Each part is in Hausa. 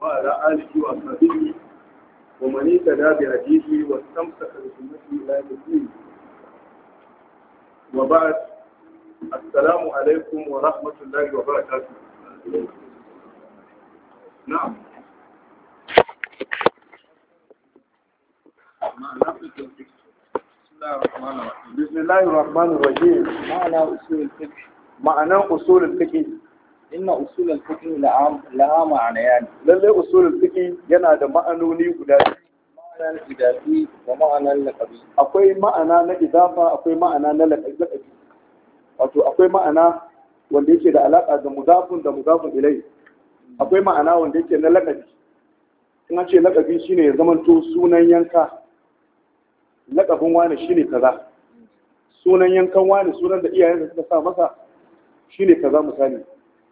wa alihi wa sahbihi wa man tada bi hadithi wa tamsaka bi sunnati ila yawm wa ba'd assalamu alaykum wa rahmatullahi wa barakatuh na'am ma'ana usul fiqh bismillahir rahmanir rahim ma'ana usul fiqh ma'ana usul fiqh inna usulul fiqh laha ma'anayan lalle usulul fiqh yana da ma'anoni guda ma'anan idafi da ma'anan laqabi akwai ma'ana na idafa akwai ma'ana na laqabi wato akwai ma'ana wanda yake da alaka da mudafun da mudafun ilai akwai ma'ana wanda yake na laqabi in an ce laqabi shine ya zamanto sunan yanka laqabin wani shine kaza sunan yankan wani sunan da iyayensa suka sa masa shine kaza misali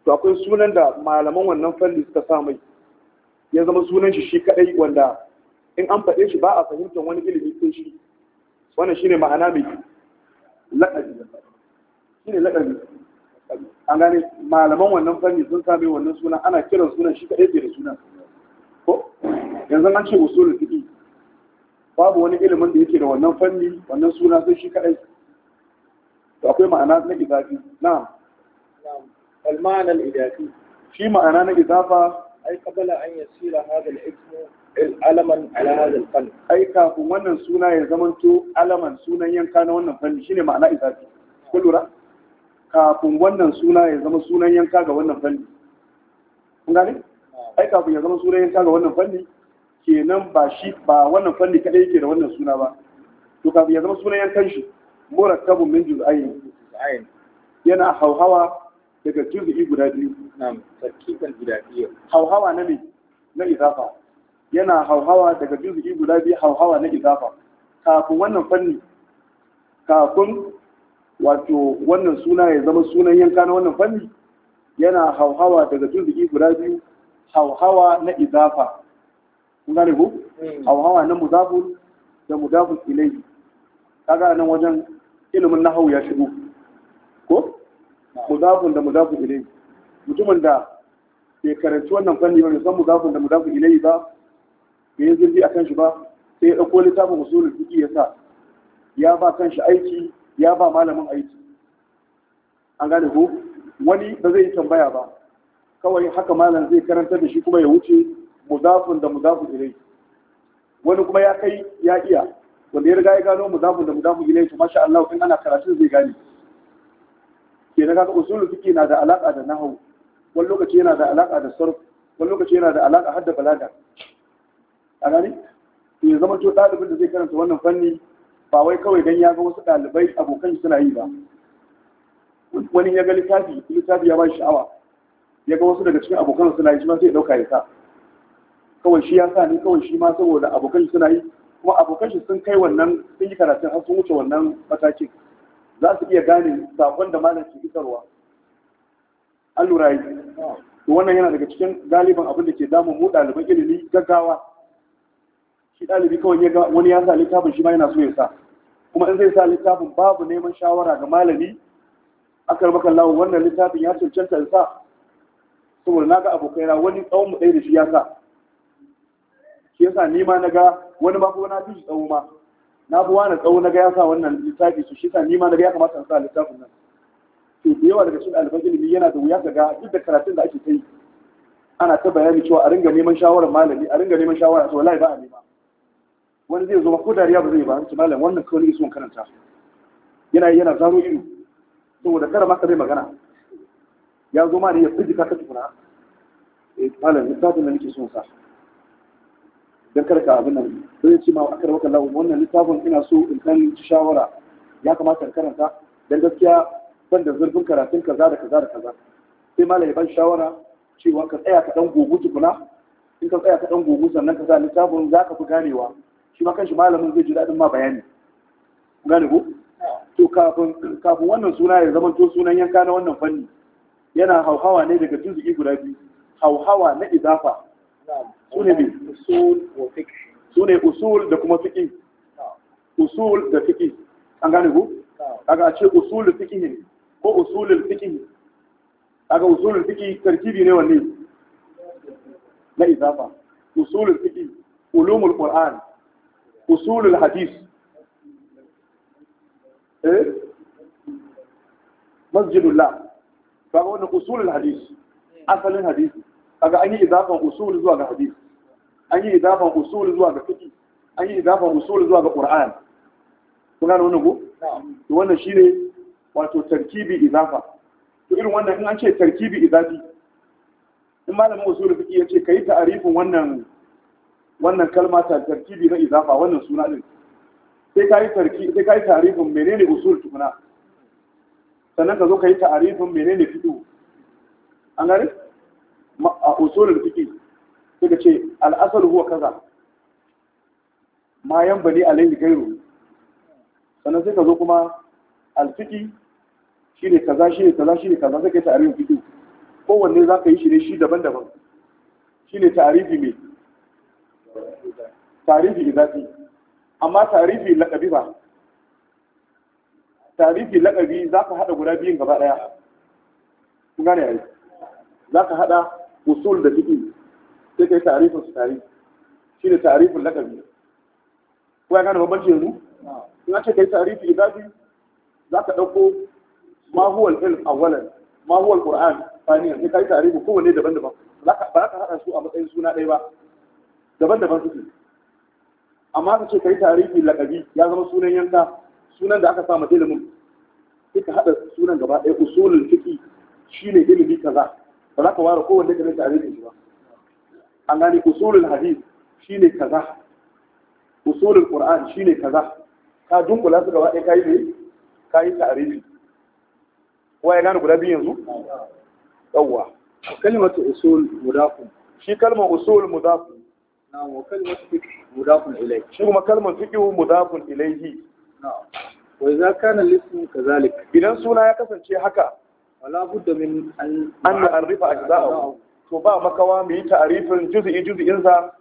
to akwai sunan da malaman wannan fanni suka sa mai ya zama sunan shi shi kadai wanda in an faɗe shi ba a fahimtar wani ilimi ko shi wannan shine ma'ana mai laƙabi shine laƙabi an gane malaman wannan fanni sun mai wannan sunan ana kiran sunan shi kadai da sunan ko yanzu an ce usulul fiqi babu wani ilimin da yake da wannan fanni wannan suna sai shi kadai to akwai ma'ana na izafi na'am المعنى الإضافي في معنى الإضافة أي قبل أن يصير هذا الاسم alaman ala hadal fan ai kafin wannan suna ya zamanto alaman sunan yanka na wannan fanni shine ma'ana izafi ku lura kafin wannan suna ya zama sunan yanka ga wannan fanni ai kafin ya zama sunan yanka ga wannan fanni kenan ba shi ba wannan fanni kadai yake da wannan suna ba to kafin ya zama sunan yankan shi murakkabun min juz'ain yana hauhawa daga juzu'i guda biyu na tarkikan guda biyu hauhawa na ne na izafa yana hauhawa daga juzu'i guda biyu hauhawa na izafa kafin wannan fanni kafin wato wannan suna ya zama sunan yanka na wannan fanni yana hauhawa daga juzu'i guda biyu hauhawa na izafa kun gane ko hmm. hauhawa na muzafun da muzafun ilai kaga nan wajen ilimin nahau ya shigo mudafun da mudafun ilai mutumin da bai karanci wannan fanni ba san mudafun da mudafun ilai ba bai yi zirgi a kanshi ba sai ya ɗauko littafin usulul fiqh ya sa ya ba kanshi aiki ya ba malamin aiki an gane ko wani ba zai yi tambaya ba kawai haka malam zai karanta da shi kuma ya wuce mudafun da mudafun ilai wani kuma ya kai ya iya wanda ya riga ya gano mudafun da mudafun ilai to masha Allah in ana karatun zai gane ke na kaka usulul fiqh na da alaka da nahwu wani lokaci yana da alaka da sarf wani lokaci yana da alaka har da balaga a gani ya zama to dalibin da zai karanta wannan fanni ba wai kawai dan ya ga wasu ɗalibai abokan suna yi ba wani ya ga littafi littafi ya ba shi sha'awa ya ga wasu daga cikin abokan suna yi shi ma sai ya ɗauka ya sa kawai shi ya sa ni kawai shi ma saboda abokan suna yi kuma abokan shi sun kai wannan sun yi karatun har sun wuce wannan matakin za su iya gane sakon da malam ke isarwa an lura yi to wannan yana daga cikin galiban abin da ke damu mu ɗaliban ilimi gaggawa shi ɗalibi kawai ya wani ya sa littafin shi ma yana so ya sa kuma in zai sa littafin babu neman shawara ga malami akar maka lawo wannan littafin ya cancanta ya sa saboda na ga abokaina wani tsawon mu ɗaya da shi ya sa shi yasa ni ma na ga wani ma ko na fi shi tsawo ma na buwa na tsawo na ga ya sa wannan littafi su shi sa ni ma na ga ya kamata na sa littafin nan to da yawa daga cikin ɗaliban ilimi yana da wuya ga duk da karatun da ake ta yi ana ta bayani cewa a ringa neman shawarar malami a ringa neman shawara to wallahi ba a nema wani zai zo ko dariya ba zai ba su malam wannan kawai ne son karanta yana yana zaro ido saboda ma maka zai magana ya zo ma ne ya fijika ka tukuna eh malam littafin da nake son sa don karka abin nan sai ya ce ma akar maka lawo wannan littafin ina so in kan shawara ya kamata in karanta don gaskiya ban da zurfin karatun kaza da kaza da kaza sai malai ban shawara cewa ka tsaya ka dan gugu tukuna in ka tsaya ka dan gugu sannan ka sa littafin za ka fi ganewa shi ma kanshi malamin zai ji daɗin ma bayani gane ko to kafin kafin wannan suna ya zama to sunan yanka na wannan fanni yana hauhawa ne daga tuzuki guda biyu hauhawa na idafa su ne su ne usul da kuma fiƙi usul da fiƙi an gane ku kaga a ce usul fiƙi ne ko usulul fiƙi kaga usulul fiƙi tarkibi ne wanne na izafa usulul fiƙi ulumul qur'an usulul hadis eh masjidullah kaga wannan usulul hadis asalin hadisi kaga an yi idafan usul zuwa ga hadith an yi idafan usul zuwa ga fiqh an yi idafan usul zuwa ga qur'an kun gane wannan ko to wannan shine wato tarkibi idafa to irin wannan in an ce tarkibi idafi in malamin usul fiqh ya ce kai ta'arifin wannan wannan kalma ta tarkibi na idafa wannan suna din sai kai tarkibi sai kai ta'arifin menene usul tukuna sannan ka zo kai ta'arifin menene fiqh an gane a usulul fiqh suka ce al'asar huwa kaza ma yan bani alayhi gairu sannan sai ka zo kuma alfiki ne kaza ne kaza ne kaza sai ka yi ta'arifin fiki kowanne za ka yi shi ne shi daban-daban Shi ne ta'arifi mai tarihi zafi amma tarihi laƙabi ba tarihi laƙabi za ka haɗa guda biyun gaba ɗaya kun gane yayi za ka haɗa usul da fiƙi sai kai tarifin su tari shi ne tarifin lakabi ko ya gane babban yanzu in an ce kai tarifi idafi za ka ɗauko ma huwa ilm awwalan ma huwa sai kai tarifi kowanne daban-daban ba za ka haɗa su a matsayin suna ɗaya ba daban-daban suke amma ka ce kai tarihi lakabi ya zama sunan yanka sunan da aka sa ma ilimin sai ka haɗa sunan gaba ɗaya usulul fiqi shine ilimi kaza ba za ka ware kowanne da rinta arihin shi ba an gane usulul hadith shine kaza usulul qur'an shine kaza ka dunkula su gaba ɗaya kayi ne Kayi ta'arifi kowa ya gane guda biyu yanzu yawwa kalmatu usul mudafun shi kalmar usul mudafun na'am wa kalmatu fiqh mudafun ilayhi shi kuma kalmar fiqh mudafun ilayhi na'am wa idza kana al-ism kadhalik idan suna ya kasance haka wala budda min an na'rifa ajza'ahu to ba makawa mu yi ta'rifin juz'i juz'in sa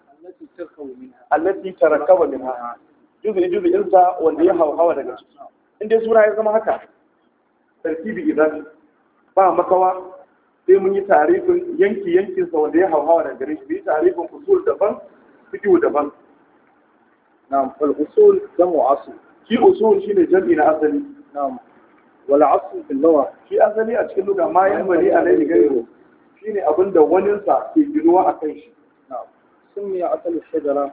allati tarakaba minha juz'i juz'in sa wanda ya hawa daga ciki in suna ya zama haka bi idan ba makawa sai mun yi ta'arifin yanki yankin sa wanda ya hawa daga gare shi yi ta'arifin usul daban fiqh daban na'am fal usul jamu asl shi usul shine jam'i na asali na'am wala asu fil lawa shi azali a cikin luga ma yan bari alaihi gairo shine abin da sa ke ginuwa a kan shi sun ya asali shajara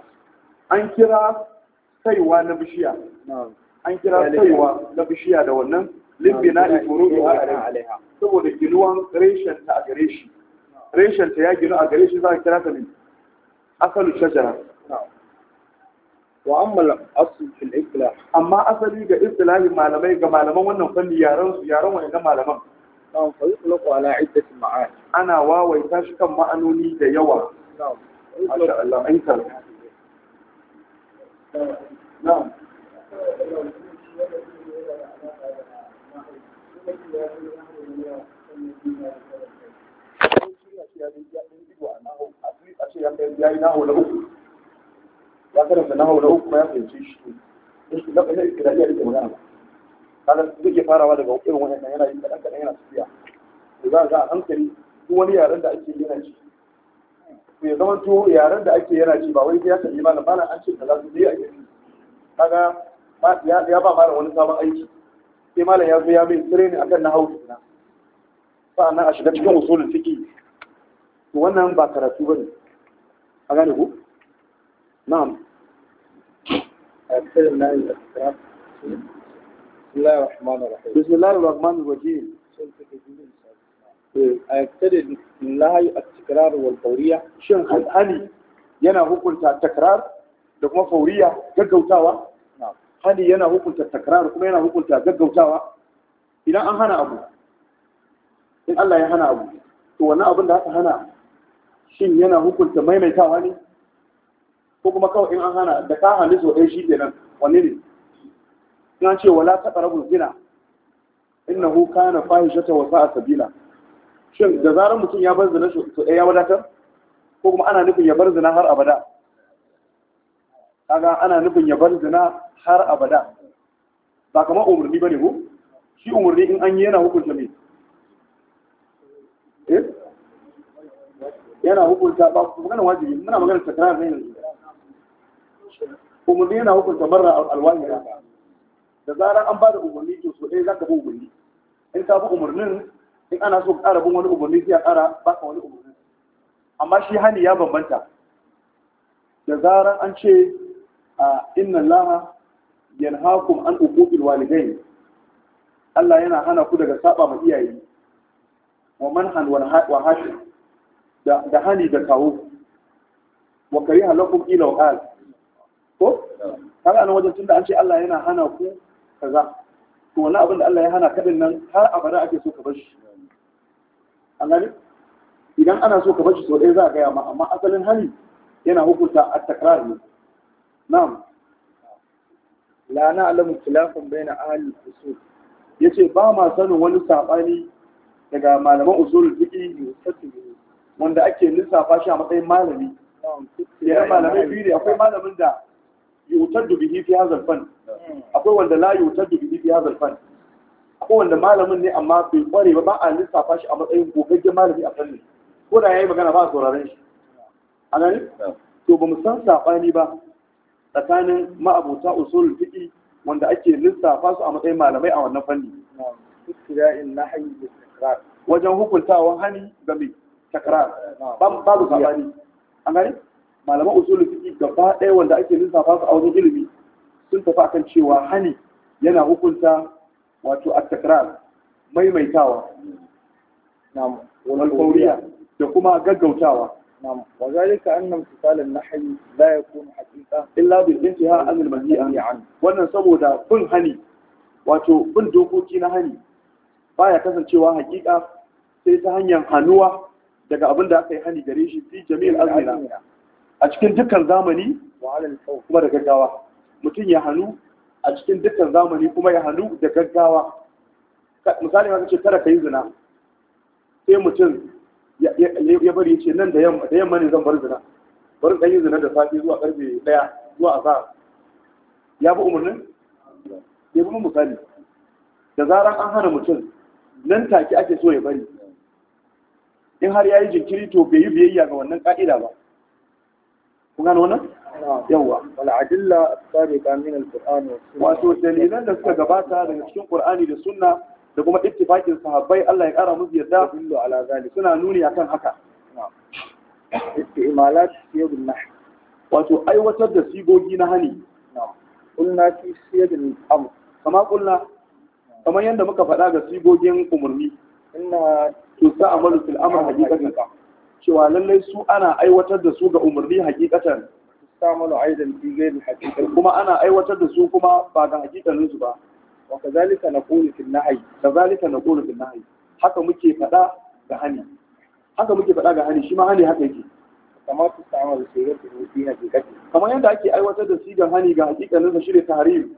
an kira saiwa na bishiya an kira saiwa na bishiya da wannan libbina da furu alaiha saboda ginuwan reshen ta a gare shi reshen ta ya ginu a gare shi za a kira ta ne asalu shajara wa amma asl fil amma asali ga istilahi malamai ga malaman wannan fanni yaran su yaran wannan malaman na'am fa yutlaqu ala iddati ma'an ana wawaita shi kan ma'anoni da yawa na'am Allah na'am ya karanta na haula kuma ya fahimci shi ne. shi na fahimci da iya rike magana kaga duk ya farawa daga irin wannan yana yin kadan kadan yana tafiya to za ga hankali duk wani yaren da ake yana ci to ya zama to yaren da ake yana ci ba wai ya kalli na? malam an ce da za su je a gani kaga ya ba malam wani sabon aiki sai malam ya zo ya mai training akan na haula na sa'annan a shiga cikin usulul fiqh to wannan ba karatu bane a gane ku نعم بسم الله hukunta takrar da kuma fauriya gaggautawa hali yana hukunta takrar kuma yana hukunta gaggautawa idan an hana abu in Allah ya hana abu to wani abin da aka hana shin yana hukunta maimaitawa ne ko kuma kawai in an hana da ka hannu so ɗaya shi nan wani ne ina ce wala taɓa rabin zina na kana ta wasa a sabila shin da zarar mutum ya bar zina so ɗaya ya wadatar ko kuma ana nufin ya bar zina har abada kaga ana nufin ya bar zina har abada ba kamar umarni ba ne ko shi umarni in an yi yana hukunta me eh? yana hukunta ba magana wajibi muna magana takrar ne yanzu umarni yana hukunta marar alwahira da zarar an ba da umarni to so ɗaya za ka bi umarni in ka bi umarnin in ana so ƙara bin wani umarni sai a ƙara ba ka wani umarni amma shi hani ya bambanta da zarar an ce a inna laha yanhaakum an uquqil walidain Allah yana hana ku daga saba ma iyaye wa manhan wa hashi da hani da kawo wa kariha lakum ila wa ko kaga nan wajen tunda an ce Allah yana hana ku kaza to wani abin da Allah ya hana kadin nan har abada ake so ka bar shi an gani idan ana so ka bar shi so ɗaya za a gaya ma amma asalin hali yana hukunta a takrar ne na'am la na'lamu khilafan baina ahli usul yace ba ma sanin wani sabani daga malaman usul fiqi ne wanda ake lissafa shi a matsayin malami. ya malamai biyu ne akwai malamin da yutaddu bihi fi hadha al-fan eh. akwai wanda la yutaddu bihi fi hadha al akwai wanda malamin ne amma bai kware ba ba a lissafa shi a matsayin gogaggen malami a fannin ko da yayi magana ba a sauraron shi a gani eh. to ba mu san sabani ba tsakanin ma'abota usul fiqi wanda ake lissafa su a matsayin malamai a wannan fanni istira'in nahyi bi wajen hukuntawan hani ga mai takrar eh, babu sabani A gani malaman usulun fiqh gaba ɗaya wanda ake lissafa su a wajen ilimi sun tafi akan cewa hani yana hukunta wato at-takrar maimaitawa na'am wal da kuma gaggautawa na'am wa zalika anna imtisal an-nahyi la yakunu haqiqa illa bil intiha an al-manhi an wannan saboda bin hani wato bin dokoki na hani baya kasancewa haƙiƙa sai ta hanyar hannuwa daga abin da aka yi hani gare shi fi jami'in azmina a cikin dukkan zamani kuma da gaggawa mutum ya hannu a cikin dukkan zamani kuma ya hannu da gaggawa misali ma ce tara ka yi zina sai mutum ya bari ce nan da yamma ne zan bar zina bari ɗan yi zina da safe zuwa ƙarfe ɗaya zuwa azahar ya bi umarnin ya bi misali da zarar an hana mutum nan take ake so ya bari in har ya yi jinkiri to bai yi biyayya ga wannan ƙa'ida ba kun gane yawa sabiqa min al-qur'an wato dalilan da suka gabata daga cikin qur'ani da sunna da kuma ittifaqin sahabbai Allah ya kara musu yarda billu ala zalik suna nuni akan haka istimalat nahy wato aiwatar da sigogi na hani qulna fi siyabin amr kama kamar yadda muka faɗa ga sigogin umarni inna tusa'amalu fil amr haqiqatan cewa lallai su ana aiwatar da su ga umarni hakikatan tamalu aidan fi ghairi hakikatan kuma ana aiwatar da su kuma ba ga hakikanin su ba wa ka na kazalika naqulu fil nahy kazalika naqulu fil nahy haka muke faɗa ga hani haka muke faɗa ga hani shi ma hani haka yake kama su samu da shigar da rufi hakikati kamar yadda ake aiwatar da sigar hani ga hakikanin sa shine tahrim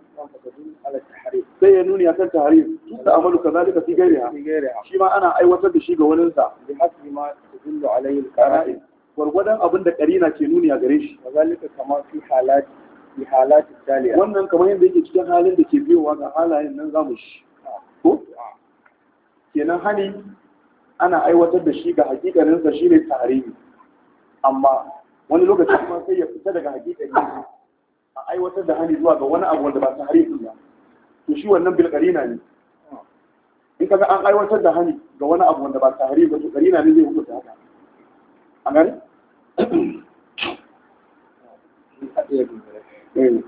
sai ya nuni akan tahrim su da amalu kazalika fi gairiha shi ma ana aiwatar da shi ga wani sa bi hasbi ma tadullu alayhi alqara'in gwargwadon abin da karina ke nuni a gare shi kazalika kamar fi halati fi halati taliya wannan kamar yadda yake cikin halin da ke biyowa ga halayen nan zamu shi ko kenan hani ana aiwatar da shi ga hakikanin sa shine tahrimi amma wani lokaci kuma sai ya fita daga hakikar ne a aiwatar da hani zuwa ga wani abu wanda ba ta hari ba to shi wannan bilkarina ne in kaga an aiwatar da hani ga wani abu wanda ba ta hari ba to qarina ne zai hukunta haka a gani eh.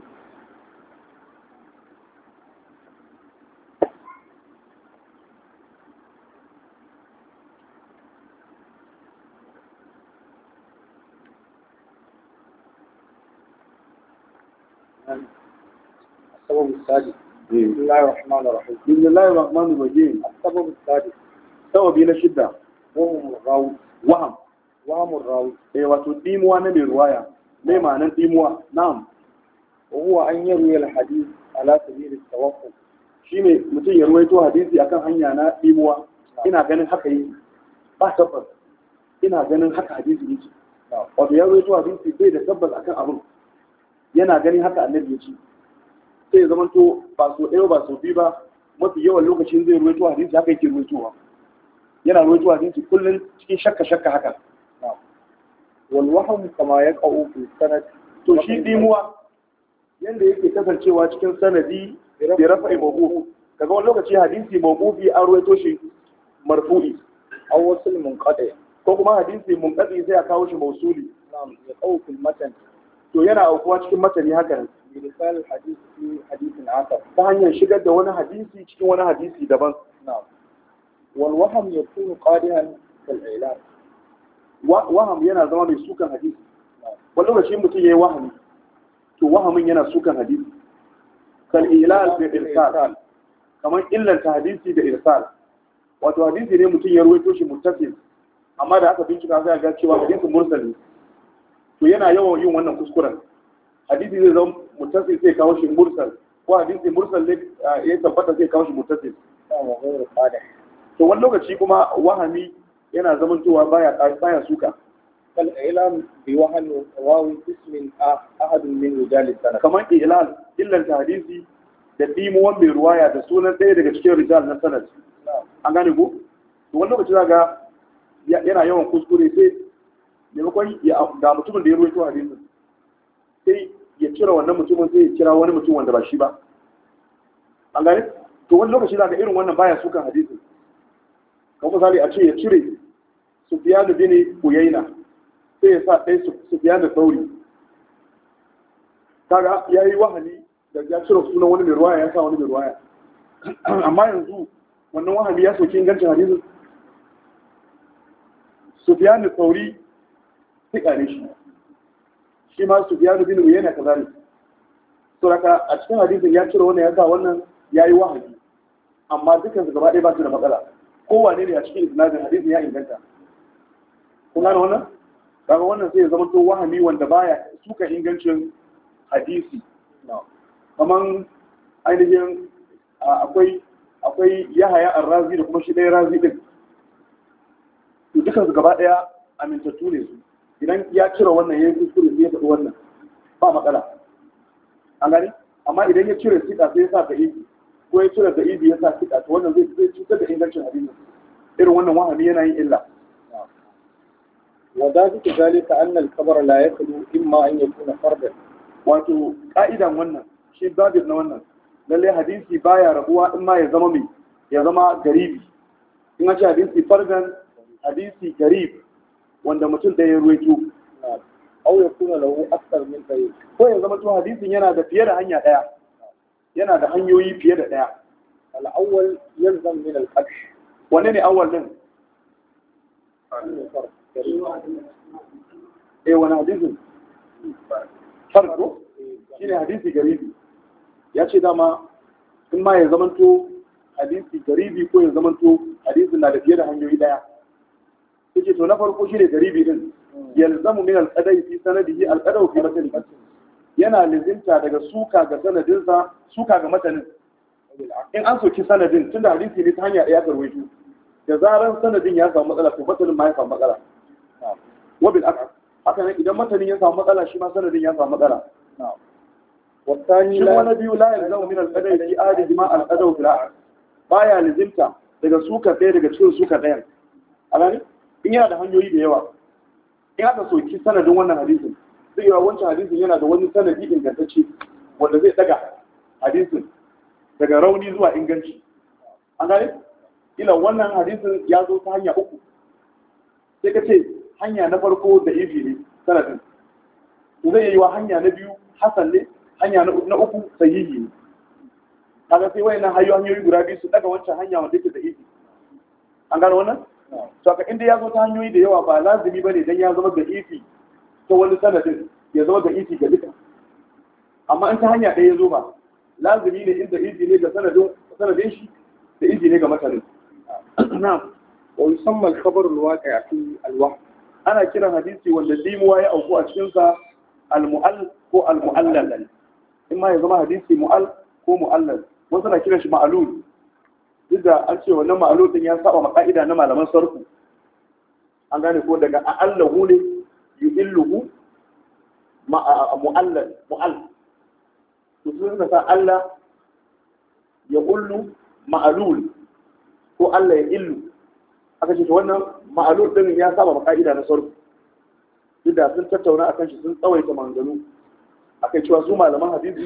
السادس بسم الله الرحمن الرحيم بسم الله الرحمن الرحيم السبب السادس سبب إلى شدة وهم الراوي وهم وهم الراوي أي وتديموا أنا للرواية ما معنى ديموا نعم وهو أن يروي الحديث على سبيل التوقف mutum ya ruwaito hadisi akan hanya na ɗimuwa ina ganin haka yi ba tabbas ina ganin haka hadisi yake wato ya ruwaito hadisi bai da tabbas akan abin yana ganin haka annabi ya sai ya zamanto ba so ɗaya ba so biyu ba mafi yawan lokacin zai ruwaito hadisi haka yake ruwaitowa yana ruwaito hadisi kullum cikin shakka shakka haka wal wahm kama ya qa'u fi sanad to shi dimuwa yanda yake kasancewa cikin sanadi bi rafa'i mawquf kaga wani lokaci hadisi mawqufi an ruwaito shi marfu'i aw wasul munqati ko kuma hadisi munqati sai a kawo shi mausuli na'am ya qa'u fi matan to yana aukuwa cikin matani haka ne irsal hadisi hadisin akar ta hanyar shigar da wani hadisi cikin wani hadisi daban na'am wal waham yakunu qadihan kal ilan waham yana zama mai sukan hadisi wani lokaci mutum yayi wahami to wahamin yana sukan hadisi kal ilal da irsal kamar illanta hadisi da irsal wato hadisi ne mutum ya ruwaito shi muttasil amma da aka bincika a ga cewa hadisin mursali to yana yawan yin wannan kuskuren hadisi zai zama mutasil sai kawo shi mursal ko hadisi mursal ne ya tabbata zai kawo shi mutasil to wani lokaci kuma wahami yana zamantowa baya baya suka kal ilam bi wahan rawi ismin ahad min rijal sana kamar ilal illan hadisi da dimuwan mai ruwaya da sunan ɗaya daga cikin rijal na sanad an gane ko to wani lokaci zaga yana yawan kuskure sai maimakon ga mutumin da ya ruwaito hadisin sai ya cire wannan mutumin zai kira wani mutum wanda ba shi ba an gani to wani lokaci daga irin wannan baya sukan hadisi kan misali a ce ya cire sufiyanu bin uyaina sai ya sa ɗaya da sauri kaga ya yi wahali da ya cire sunan wani mai ruwaya ya sa wani mai ruwaya amma yanzu wannan wahali ya soke ingancin hadisin da sauri sai ƙare shi shi ma Sufyan bin Uyayna kazalik to raka, a cikin hadisin ya cire wannan ya sa wannan yi wahayi amma dukkan su gaba ɗaya ba su da matsala kowane ne a cikin isnadin hadisin ya inganta kun gane wannan daga wannan sai ya zama to wahami wanda baya suka ingancin hadisi Kamar ainihin akwai akwai yahaya arrazi da kuma shi ɗaya razi ɗin to dukkan su gaba ɗaya amintattu ne su idan ya cire wannan ya yi kuskure sai ya faɗi wannan ba matsala an gani amma idan ya cire sika sai ya sa da'ibi ko ya cire da'ibi ya sa sika to wannan zai zai cutar da ingancin hadisi irin wannan wahami yana yin illa wa dalika zalika anna al-khabar la in imma an yakuna fardan wato ka'idan wannan shi babir na wannan lalle hadisi baya rabuwa in ma ya zama mai ya zama garibi in ce hadisi fardan hadisi garibi wanda mutum da ya ruwaito au ya kuna lahu akthar min tayyib ko ya zama to hadisin yana da fiye da hanya daya yana da hanyoyi fiye da daya al awwal yalzam min al qadh wanne ne awwal din eh wani hadisin farko shine hadisi garibi ya ce dama in ma ya zamanto hadisi garibi ko ya zamanto hadisin na da fiye da hanyoyi daya yake to na farko shi ne garibi din yalzamu min alqadai fi sanadihi alqadau fi matani yana lizinta daga suka ga sanadin sanadinsa suka ga matanin in an soki sanadin tun da hadisi ne ta hanya ɗaya karwaito da zaran sanadin ya samu matsala to matanin ma ya samu matsala wabil aka haka ne idan matanin ya samu matsala shi ma sanadin ya samu matsala shi wani biyu la yalzamu min alqadai fi adi ma alqadau fi la'a baya lizinta daga suka ɗaya daga cikin suka ɗayan a in yana da hanyoyi da yawa in aka soki sanadin wannan hadisin zai yi wancan hadisin yana da wani sanadi ingantacce wanda zai daga hadisin daga rauni zuwa inganci an gane ila wannan hadisin ya zo ta hanya uku sai ka ce hanya na farko da ibi ne sanadin to zai yi wa hanya na biyu hasan ne hanya na uku sahihi ne kaga sai wayannan hanyoyi guda biyu su daga wancan hanya wanda yake da ibi an gane wannan to ka inda ya zo ta hanyoyi da yawa ba lazimi bane dan ya zama da ifi ta wani sanadin ya zama da ifi ga duka amma in ta hanya ɗaya ya zo ba lazimi ne inda ifi ne ga sanadin sanadin shi da ifi ne ga matanin na'am wa yusamma al-khabar al-waqi' fi al ana kiran hadisi wanda limuwa ya auku a cikin sa al-mu'all ko al-mu'allal in ma ya zama hadisi mu'all ko mu'allal wasu na kiran shi ma'alul duk da an ce wannan ma'alotin ya saba ma ka'ida na malaman sarku an gane ko daga Allah ne yi illuhu mu'all to sun suna sa Allah ya kullu ma'alul ko Allah ya illu aka ce wannan ma'alul ɗin ya saba ma ka'ida na sarku duk da sun tattauna akan shi sun tsawaita manzanu kai cewa su malaman Habibu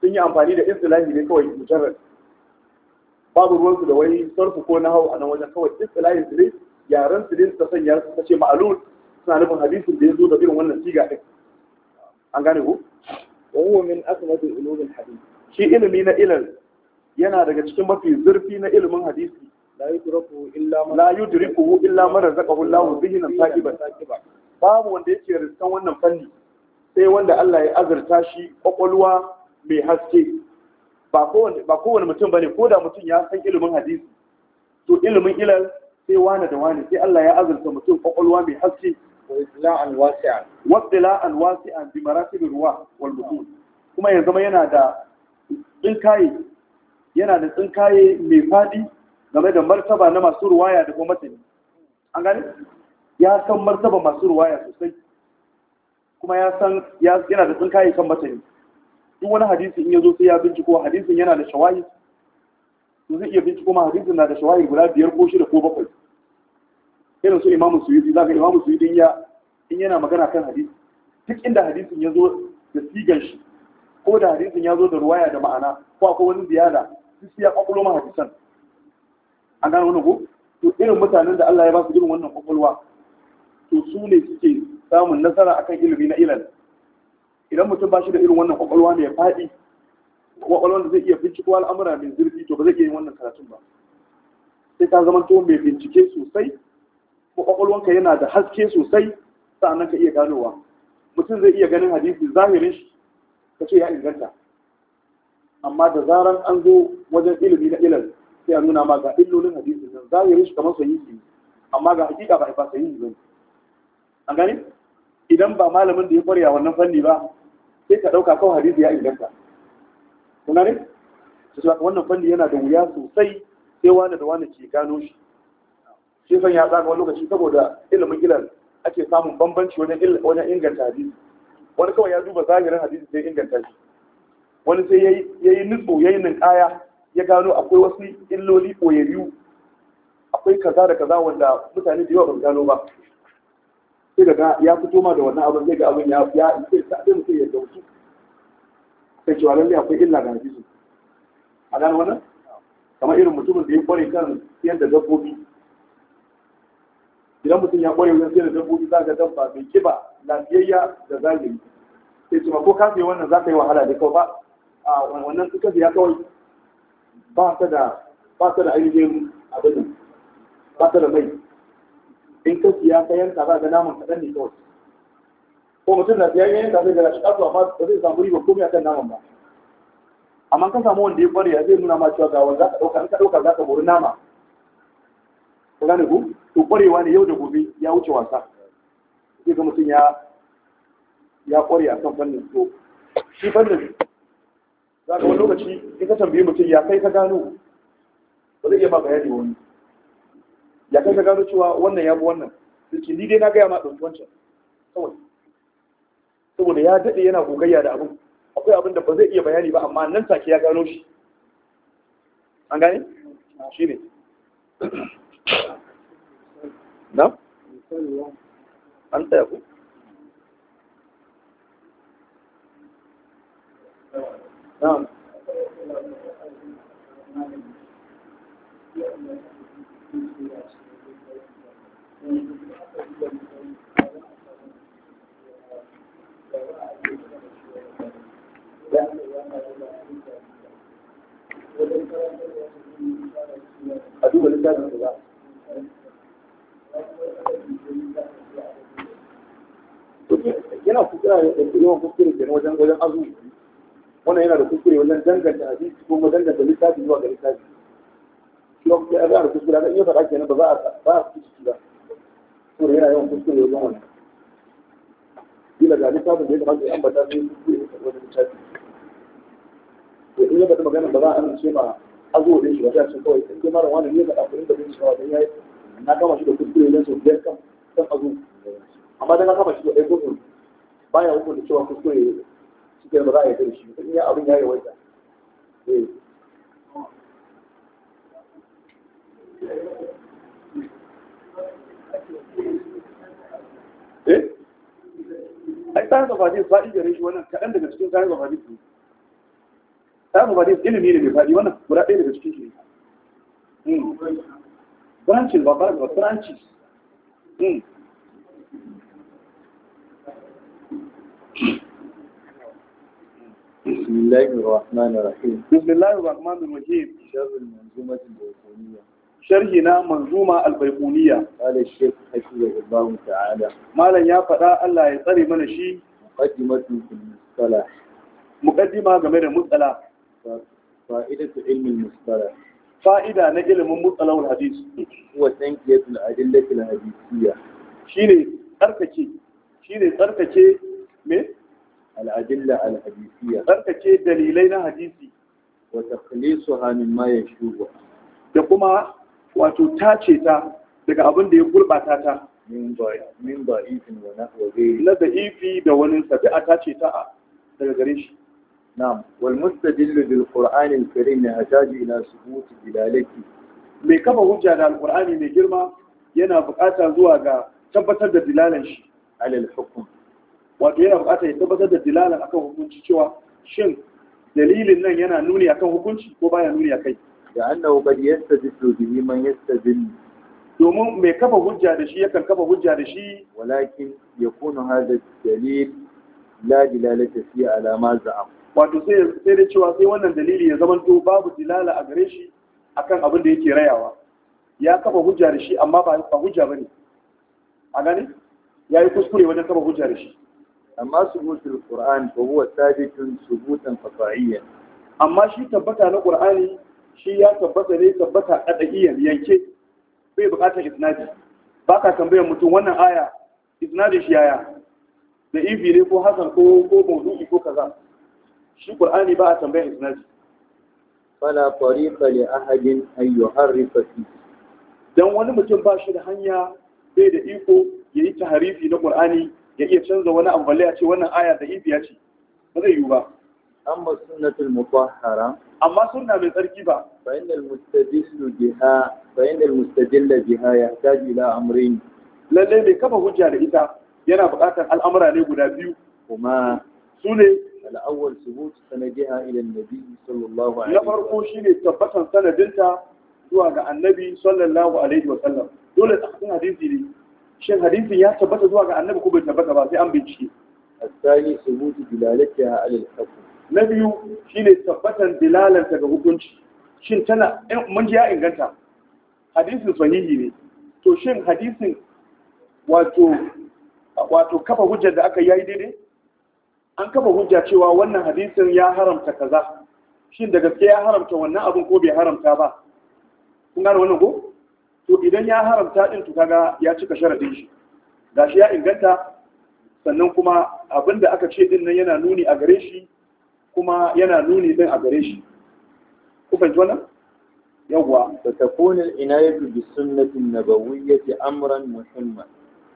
sun yi amfani da istilahi ne kawai mujarrad babu su da wai sarfu ko na hau a nan wajen kawai istilahin su ne yaran su ne san yaran su ce ma'alul suna nufin hadisin da ya zo da irin wannan siga ɗin an gane ku wa huwa min asmatu ulumul hadith shi ilimi na ilal yana daga cikin mafi zurfi na ilimin hadisi la yudriku illa man razaqahu Allah bihinan saqiban babu wanda yake riskan wannan fanni sai wanda Allah ya azurta shi kwakwalwa mai haske ba kowane mutum ba ne ko da mutum ya san ilimin hadisi to ilimin ilal sai wane da wane sai Allah ya azurta mutum kwakwalwa mai haske wasila'an wasi'an wasi an bi maratibin ruwa wal mutum kuma ya zama yana da tsinkaye yana da tsinkaye mai fadi game da martaba na masu ruwaya da kuma matani an gani ya san martaba masu ruwaya sosai kuma ya san yana da tsinkaye kan matani duk wani hadisi in yazo sai ya binciko hadisin yana da shawahid to zai iya binciko ma hadisin na da shawahid guda biyar ko shida ko bakwai irin su imamu suyuti za ka imamu suyuti ya in yana magana kan hadisi duk inda hadisin ya zo da sigan shi ko da hadisin ya zo da ruwaya da ma'ana ko akwai wani ziyara duk ya kwakwalo ma hadisan an gano wani ko to irin mutanen da Allah ya ba su irin wannan kwakwalwa to su ne suke samun nasara akan ilimi na ilal idan mutum ba shi da irin wannan kwakwalwa ne ya faɗi kwakwalwa da zai iya binciko al'amura mai zurfi to ba zai iya yin wannan karatun ba sai ka zama to mai bincike sosai kwakwalwanka yana da haske sosai sa'annan ka iya ganowa mutum zai iya ganin hadisi zahirin shi ka ce ya inganta amma da zaran an zo wajen ilimi na ilal sai a nuna ma ga illolin hadisi nan zahirin shi kamar sahihi amma ga hakika ba ba sahihi ba an gane idan ba malamin da ya kware a wannan fanni ba sai ka dauka kawai hadisi ya inganta kuna ne su wannan fanni yana da wuya sosai sai wani da wani ke gano shi shi san ya tsaka wani lokaci saboda ilimin ilal ake samun bambanci wajen inganta hadisi wani kawai ya duba zahirin hadisi sai inganta shi wani sai ya yi nutso ya yi ninkaya ya gano akwai wasu illoli koyayyu akwai kaza da kaza wanda mutane da yawa ba gano ba sai daga ya fito ma da wannan abin zai ga abin ya ya sai sai mutum ya dauki sai cewa lalle akwai illa ga hadisi a gano wannan kamar irin mutumin da ya kware kan siyar da dabbobi idan mutum ya kware wajen siyar da dabbobi za ka dabba mai kiba lafiyayya da zalimi sai cewa ko ka wannan za ka yi wahala da kawai ba a wannan suka ya kawai ba ta da ba ta da ainihin abin ba ta da mai in ka siya ka yanka za ga naman kaɗan ne kawai ko mutum na siya yanka zai ga shi kasu amma ba zai samu riba komai akan naman ba amma ka samu wanda ya kware zai nuna ma cewa ga wanda ka ɗauka in ka ɗauka za ka bori nama ka gane ku to kwarewa ne yau da gobe ya wuce wasa sai ga mutum ya ya kware a kan fannin to shi fannin za ka wani lokaci in ka tambayi mutum ya kai ka gano ba zai iya ba bayani wani ya kai ka gano cewa wannan ya bi wannan suke ni dai na gaya ma ɗauki wancan kawai saboda ya daɗe yana gogayya da abin akwai abin da ba zai iya bayani ba amma nan take ya gano shi an gane shi ne na an tsaya ku na'am Thank you. a da za yana kuskura da yawan kuskure kenan wajen wajen azumi wannan yana da kuskure wajen danganta hadisi ko wajen danganta littafi zuwa ga littafi shi kuma yana da kuskure da in ya faɗa kenan ba za a ba a kuskure ba kuskure yana yawan kuskure wannan kila da ya kamata ya ambata sai kuskure ya wani littafi to in ya magana ba za a amince ma azo da shi kawai mara wani ne da zai na kama shi da kuskure biyar kan azo amma dan na kama shi da ɗaya baya cewa kuskure shi ke ba za a yi shi in ya abin ya yi science of hadith faɗi gare wannan kaɗan daga cikin science of hadith ne science ilimi ne mai faɗi wannan guda ɗaya daga cikin shi branches ba ba branches بسم الله الرحمن الرحيم بسم الله الرحمن الرحيم شر المنظومة الدرسونية sharhi na manzuma albaikuniya qala shaykh hafizahullahu ta'ala malam ya faɗa Allah ya tsare mana shi muqaddimatu fil mustalah muqaddima game da mustalah fa'idatu ilmin mustalah fa'ida na ilimin mutsalawar hadis wa tankiyatul adillatil hadisiyya shine tsarkake shine tsarkake me al adilla al hadisiyya tsarkake dalilai na hadisi wa takhlisuha mimma yashubu da kuma wato tace ta daga abin da ya gurbata ta na da ifi da wani sabi a ce ta daga gare shi na'am wal mustadillu bil qur'ani al karim ya hataji ila subut dilalati mai kafa hujja da alqur'ani mai girma yana buƙata zuwa ga tabbatar da dilalan shi alal hukum wato yana buƙata ya tabbatar da dilalan akan hukunci cewa shin dalilin nan yana nuni akan hukunci ko baya nuni akai da annahu qad yastadillu bihi man yastadillu domin mai kafa hujja da shi yakan kafa hujja da shi walakin yakunu hadha dalil la dilalata fi ala ma za'am wato sai sai da cewa sai wannan dalili ya zama to babu dilala a gare shi akan abin da yake rayawa ya kafa hujja da shi amma ba hujja bane a gane yayi kuskure wajen kafa hujja da shi amma subutul qur'an fa huwa thabitun subutan qat'iyyan amma shi tabbata na qur'ani shi ya tabbata ne tabbata kadaiyan yanke bai buƙatar isnadi ba ka tambayar mutum wannan aya isnadi shi yaya da ibi ne ko hasan ko ko mawdu'i ko kaza shi ƙur'ani ba a tambayar isnadi fala tariqa li ahadin an yuharrifa fi dan wani mutum ba shi da hanya bai da iko yayi tahrifi na ƙur'ani ya iya canza wani amfali a ce wannan aya da ibi ya ce ba zai yiwu ba amma sunnatul mutahhara amma na mai tsarki ba fa innal mustadillu biha fa innal mustadilla biha yahtaju ila amrayn lalle bai kafa hujja da ita yana buƙatar al'amura ne guda biyu kuma su ne al'awwal subut sanadiha ila annabi sallallahu alaihi na farko shine tabbatan sanadinta zuwa ga annabi sallallahu alaihi wa sallam dole tsakanin hadisi ne shin hadisin ya tabbata zuwa ga annabi ko bai tabbata ba sai an bincike الثاني ثبوت دلالتها على الحكم na biyu shine tabbatar dalalanta ga hukunci shin tana eh, mun ji ya inganta hadisin sahihi ne to shin hadisin wato wato kafa hujjar da aka yayi daidai an kafa hujja cewa wannan hadisin ya haramta kaza shin da gaske ya haramta wannan abin ko bai haramta ba kun gane wannan ko to idan ya haramta din to kaga ya cika sharadin shi gashi ya inganta sannan kuma abin da aka ce din nan yana nuni a gare shi kuma yana nuni din a gare shi ku fahimci wannan yawwa da takunin inayatu bi sunnatin nabawiyyati amran muhimman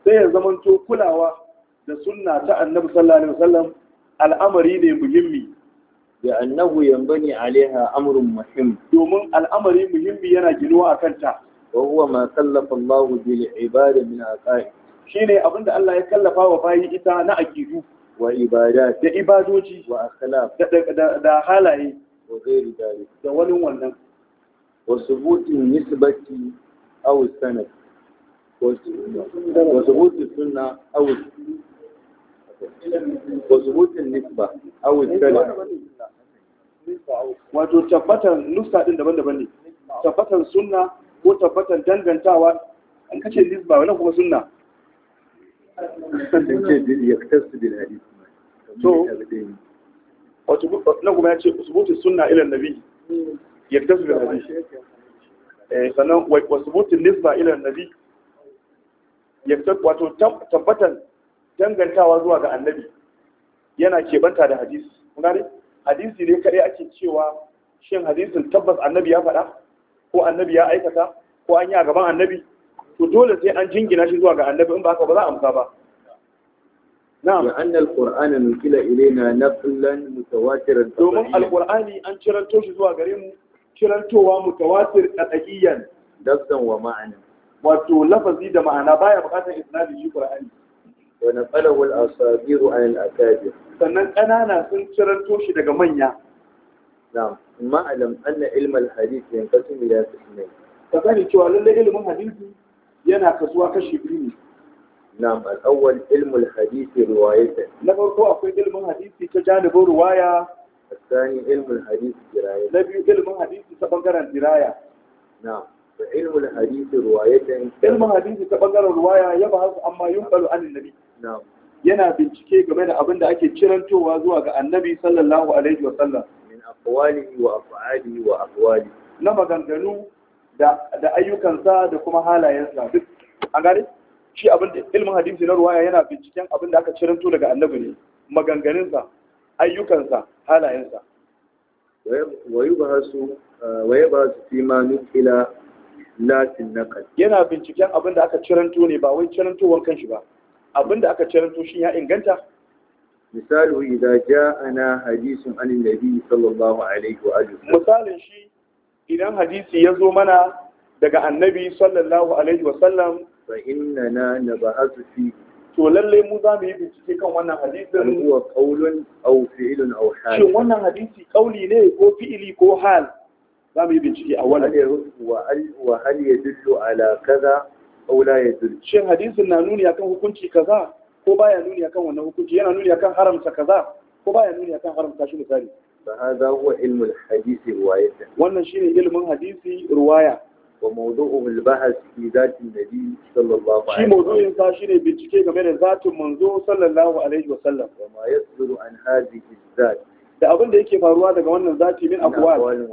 sai ya zamanto kulawa da sunna ta annabi sallallahu alaihi wasallam al'amari ne muhimmi da annahu yanbani alaiha amrun muhim domin al'amari muhimmi yana ginuwa akan ta wa huwa ma kallafa Allah bil ibadi min aqaid shine abinda Allah ya kallafa wa bayi ita na aqidu wa ibada da ibadoji wa akhlaq da halaye wa ghairi dalik da wani wannan wa subuti nisbati aw sanad wa subuti sunna aw wa subuti nisba aw sanad wato tabbatan nusa din daban-daban ne tabbatan sunna ko tabbatan dangantawa an kace nisba wala kuma sunna to wato na kuma ya ce subutu sunna ila nabi yaktasu bil hadith eh sannan wa subutu nisba ila nabi wato tabbatan dangantawa zuwa ga annabi yana kebanta da hadisi Kunari hadisi ne kadai ake cewa shin hadisin tabbas annabi ya faɗa ko annabi ya aikata ko an yi a gaban annabi ودول زي أن جنجنا شيء زواج عن النبي أمبارك وبلا أمثابة نعم لأن القرآن نقل إلينا نقلا متواترا دوما القرآن أن شرنتو شيء زواج عن شرنتو ومتواتر أتقيا دفتا ومعنى واتو لفظ زيدا معنا بايا بقاتا إثنادي شيء قرآن ونقله الأصابير عن الاكاذيب سنن أنا أنا سن شرنتو شيء دقمانيا نعم ما علم أن علم الحديث ينقسم إلى قسمين فقالي شوالا لإلم الحديث yana kasuwa kashe biyu ne. Nam al'awwal ilmul hadisi riwayata. Na farko akwai ilmin hadisi ta janibin ruwaya. Asani ilmul hadisi diraya. Na biyu ilmin hadisi ta bangaren diraya. Nam. Ilmul hadisi ruwayata. Ilmin hadisi ta bangaren ruwaya ya ba hasu amma yun balu anin Yana bincike game da abin da ake cirantowa zuwa ga annabi sallallahu alaihi wa sallam. Min akwalihi wa akwalihi wa akwalihi. Na maganganu da ayyukansa da kuma halayensa duk an gane shi abin da ilmin hadisi na ruwaya yana binciken abin da aka ciranto daga annabi ne maganganunsa ayyukansa halayensa waye ba su fi ma nukila latin kan yana binciken abin da aka ciranto ne ba wai cirantowar kanshi ba abin da aka ciranto shi ya inganta misalu idza ja'ana hadithun anin nabi sallallahu alaihi wa alihi misalin shi idan hadisi ya zo mana daga annabi sallallahu alaihi wasallam fa innana nabahatu fi to lalle mu za mu yi bincike kan wannan hadisin huwa qaulun aw fi'lun aw hal shin wannan hadisi qauli ne ko fili ko hal za mu yi bincike a wannan wa hal yadullu ala kaza aw la yadullu shin hadisin na nuni akan hukunci kaza ko baya nuni akan wannan hukunci yana nuni akan haramta kaza ko baya nuni akan haramta shi misali فهذا هو علم الحديث رواية وانا شيء علم الحديث رواية وموضوعه البحث في ذات النبي صلى الله عليه وسلم شيء موضوع انسان شيء بنتكي كمان ذات منظور صلى الله عليه وسلم وما يصدر عن هذه الذات da abin da yake faruwa daga wannan zati min aqwal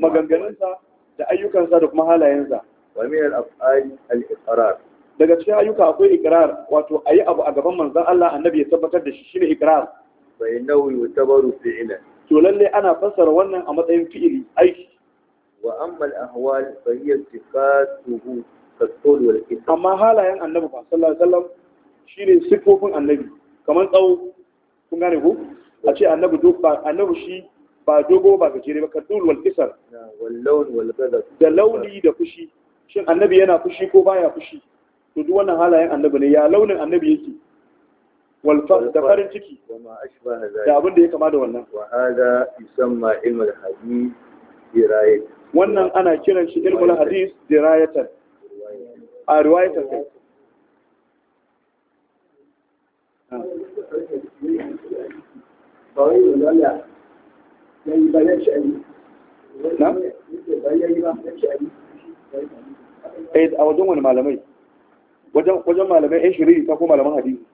maganganunsa da ayyukansa da kuma halayensa wa min al-af'al al-iqrar daga cikin ayyuka akwai iqrar wato ayi abu a gaban manzon Allah annabi ya tabbatar da shi shine iqrar fa innahu yutabaru fi'lan to lalle ana fassara wannan a matsayin fi'ili aiki wa amma al-ahwal fa hiya sifatuhu kasul wal qisas amma halayen annabi ba sallallahu alaihi wasallam shine sifofin annabi kamar tsawo kun gane ko a ce annabi duk ba annabi shi ba dogo ba gajere ba kasul wal qisas wal lawn wal ghadab da launi da fushi shin annabi yana fushi ko baya fushi to duk wannan halayen annabi ne ya launin annabi yake da farin ciki da abin da ya kama da wannan wannan ana kiran shi ilmul hadith dirayatan a riwayatan kai eh, a wajen malamai wajen malamai 'yan ta ko malaman hadisi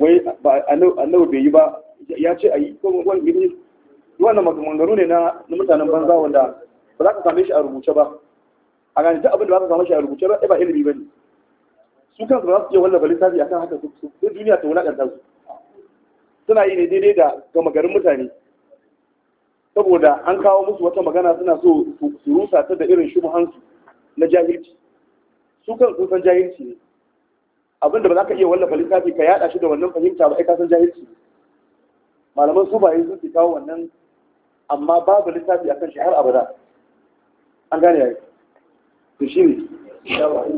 wai ba nawa bai yi ba ya ce a yi Kuma wani gini wannan maganganu ne na mutanen banza wanda ba za ka same shi a rubuce ba a gane duk abin da ba ka same shi a rubuce ba ba ilimi ba ne su kansu ba za su iya wallafa littafi akan haka su sai duniya ta wulakanta su suna yi ne daidai da gama garin mutane saboda an kawo musu wata magana suna so su rusa ta da irin shubuhansu na jahilci su kan sun san jahilci ne abinda ba za ka iya wallafa littafi ka yada shi da wannan fahimta ba ai ka san jahilci malaman su bayan sun fita wannan amma babu littafi akan shi har abada an gane yayi to shi ne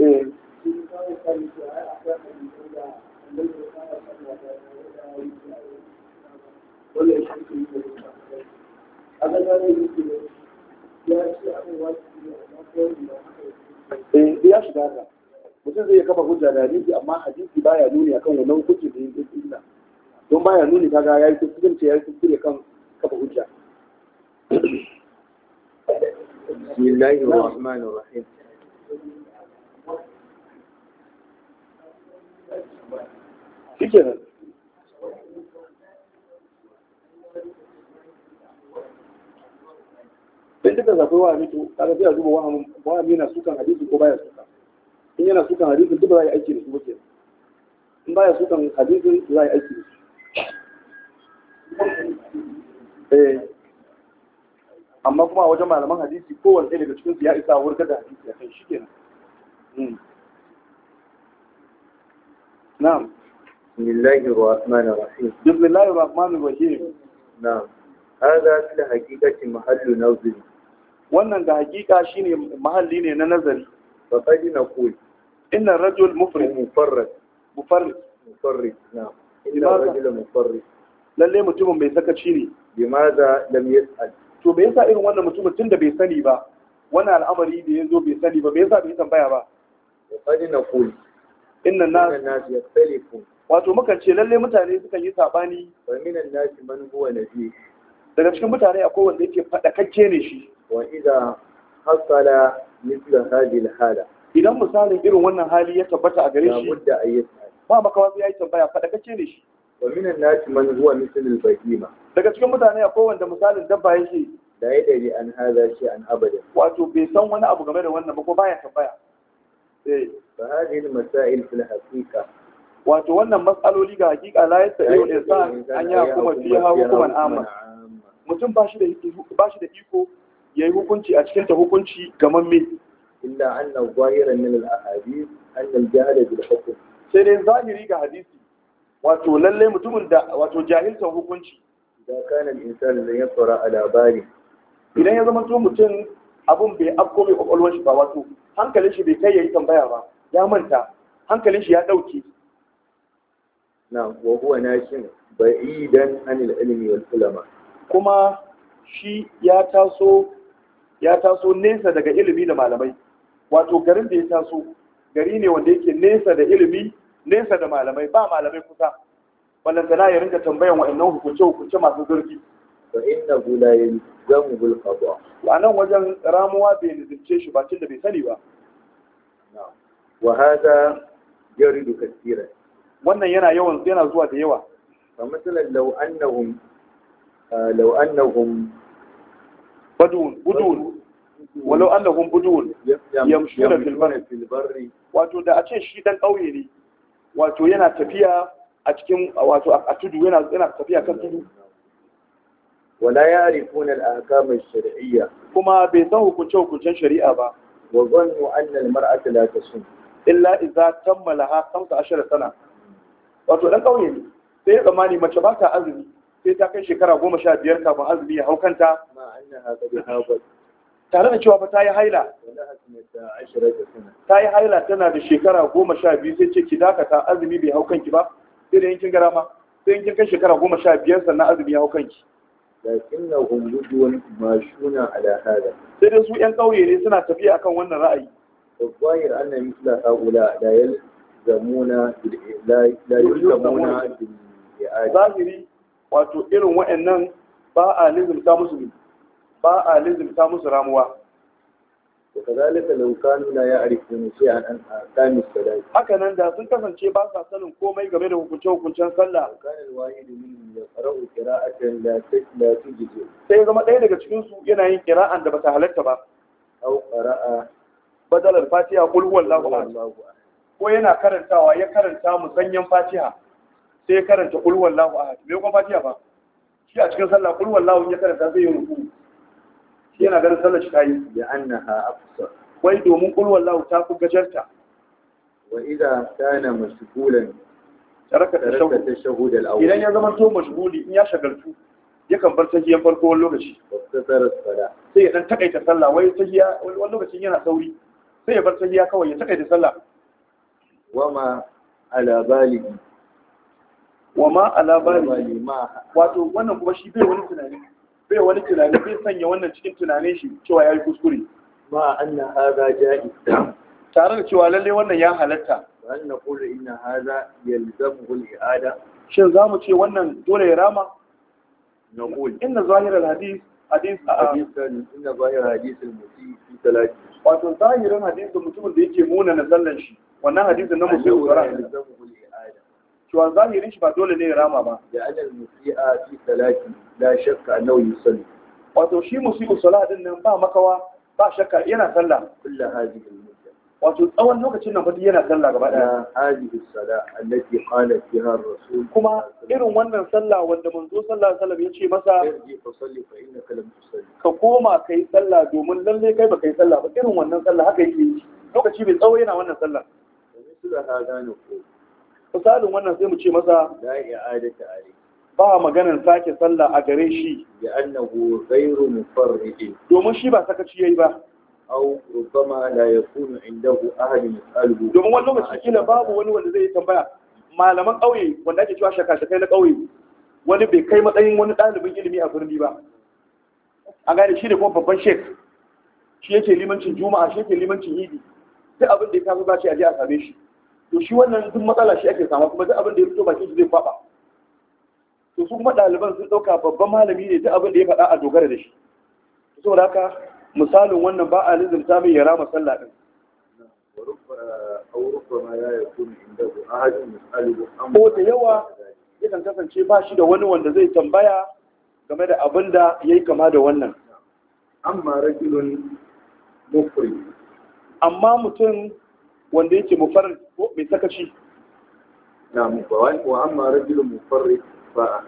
Eh. Eh, ya shiga mutum zai kafa hujja da hadisi amma hadisi baya nuni akan wannan hukunci da yake illa don baya nuni kaga yayi kuskure ce yayi kuskure kan kafa hujja بسم الله الرحمن shi kenan sai duka zafi wa mito kaga sai a duba wahamin wahami yana sukan hadisi ko baya sukan, in yana sukan hadisi duk za a yi aiki da su ba kenan in baya sukan hadisi za a yi aiki da su eh. amma kuma a wajen malaman hadisi kowane ɗaya daga cikinsu ya isa warkar da hadisi a kan shi kenan hmm. na'am بسم الله الرحمن الرحيم بسم الله الرحمن الرحيم نعم هذا في الحقيقة محل نظري wannan da hakika shine mahalli ne na nazari fa na koi inna rajul mufrid mufarrid mufarrid mufarrid Na inna rajul mufarrid lalle mutumin bai saka cini limaza lam yas'al to bai yasa irin wannan mutumin tunda bai sani ba wannan al'amari da yazo bai sani ba bai yasa bai tambaya ba fa qadi naqul inna an-nas yastalifu wato muka ce lalle mutane suka yi sabani wa minan nasi man huwa nabi daga cikin mutane akwai wanda yake fadakakke ne shi wa idza hasala mithla hadhihi alhala idan misalin irin wannan hali ya tabbata a gare shi da ayyuka ba maka wasu ya yi tambaya fadakakke ne shi wa minan nasi man huwa mithla bahima daga cikin mutane akwai wanda misalin dabba yake da ya dare an hada shi an abada wato bai san wani abu game da wannan ba ko baya tambaya eh fa hadhihi al-masail fil haqiqa wato wannan matsaloli ga hakika la yasta yau sa an ya kuma fiha hukuman amma mutum ba shi da iko ya yi hukunci a cikin ta hukunci gaman me illa anna zahiran min al-ahadith an al-jahl bil hukm sai dai zahiri ga hadisi wato lalle mutumin da wato jahilta hukunci idan kana al-insan ya yasra ala bali idan ya zama to mutum abun bai afko mai kwakwalwar shi ba wato hankalin shi bai kai ya yi tambaya ba ya manta hankalin shi ya ɗauke. na wa huwa nashin ba'idan anil ilmi wal ulama kuma shi ya taso ya taso nesa daga ilimi da malamai wato garin da ya taso gari ne wanda yake nesa da ilimi nesa da malamai ba malamai kusa wannan tana ya rinka tambayan wa'annan hukunce hukunce masu zurfi fa inna la yalzamu bil qada wa nan wajen ramuwa bai nizince shi ba tunda bai sani ba wa hada yaridu kathiran. wannan yana yawan yana zuwa da yawa فمثلا لو أنهم لو أنهم بدون بدون ولو أنهم wato da a ce shi dan ƙauye ne wato yana tafiya a cikin wato a tudu yana yana tafiya kan tudu wala ya'rifuna al-ahkam ash-shar'iyya kuma bai san hukuncin hukuncin shari'a ba wa zannu anna al-mar'ata la tasum illa idza tammala 15 sana wato dan ƙauye ne sai ya tsammani mace ba ta azumi sai ta kai shekara goma sha biyar kafin azumi ya hau kanta tare da cewa fa ta yi haila ta yi haila tana da shekara goma sha biyu sai ce ki dakata azumi bai hau kanki ba sai da yankin garama sai yankin kai shekara goma sha biyar sannan azumi ya hau kanki lakin na hunguduwan mashuna ala hada sai dai su yan ƙauye ne suna tafiya akan wannan ra'ayi da zahir anna misla haula da yal yulzamuna la yulzamuna zahiri wato irin wa'annan ba a ta musu ba a lizimta musu ramuwa وكذلك لو كانوا لا يعرفون شيئا عن احكام الصلاه haka nan da sun kasance ba sa sanin komai game da hukunce hukuncen sallah kana alwahid minhum yaqra'u qira'atan la la tujzi sai zama ɗaya daga cikin su yana yin qira'an da bata halatta ba aw qara'a badal al-fatiha qul huwallahu ahad ko yana karantawa ya karanta musanyen fatiha sai ya karanta kul wallahu ahad me kuma fatiha ba shi a cikin sallah kul wallahu ya karanta zai yi ruku shi yana ganin sallar shi tayi ya annaha afsa wai domin kul wallahu ta ku gajarta wa idza kana mashghulan taraka tashahhud al-awwal idan ya zama to mashghuli in ya shagaltu yakan bar tahiyyar farko wani lokaci sai ya dan takaita sallah wai tahiyya wani lokacin yana sauri sai ya bar tahiyya kawai ya takaita sallah wama ala wama ala wato wannan kuma shi bai wani tunani bai wani tunani bai sanya wannan cikin tunanin shi cewa ya yi kuskure ma anna hadha ja'i tare da cewa lalle wannan ya halatta an naqulu inna hadha yalzamu al-i'ada shin zamu ce wannan dole ya rama naqul inna zahir al-hadith hadith hadith inna zahir hadith al-musi fi salati wato zahirin hadith mutumin da yake muna nazallan shi wannan hadisin na musu yura cewa zahirin shi ba dole ne ya rama ba da alal musi'a fi salati la shakka annahu yusalli wato shi musi'u salatin nan ba makawa ba shakka yana sallah kullu hadhihi wato tsawon lokacin nan fadi yana sallah gaba daya hadhihi salat allati qala fiha rasul kuma irin wannan sallah wanda manzo sallallahu alaihi wasallam yace masa ka koma kai sallah domin lalle kai ba kai sallah ba irin wannan sallah haka yake lokaci bai tsawo yana wannan sallah misla hada ne ko misalin wannan sai mu ce masa la i'adatu alayhi ba maganar sake sallah a gare shi ya annahu ghayru mufarridin domin shi ba sakaci yayi ba da ya la yakunu indahu ahad yas'aluhu domin wani lokaci kila babu wani wanda zai yi tambaya malaman ƙauye wanda ake cewa shaka-shakai na ƙauye wani bai kai matsayin wani ɗalibin ilimi a birni ba A gane shi ne kuma babban shek shi yake limancin juma'a shi yake limancin hidi. duk abin da ya kafa ba shi a je a same shi to shi wannan duk matsala shi ake sama kuma duk abin da ya fito bakin shi zai kwaba to su kuma ɗaliban sun ɗauka babban malami ne duk abin da ya faɗa a dogara da shi da haka misalin wannan ba a lizimta mai yara masalla ɗin ko da yawa yakan kasance ba shi da wani wanda zai tambaya game da abin da ya yi kama da wannan amma amma mutum wanda yake mufarrid ko mai sakaci na'am wa amma rajul mufarri fa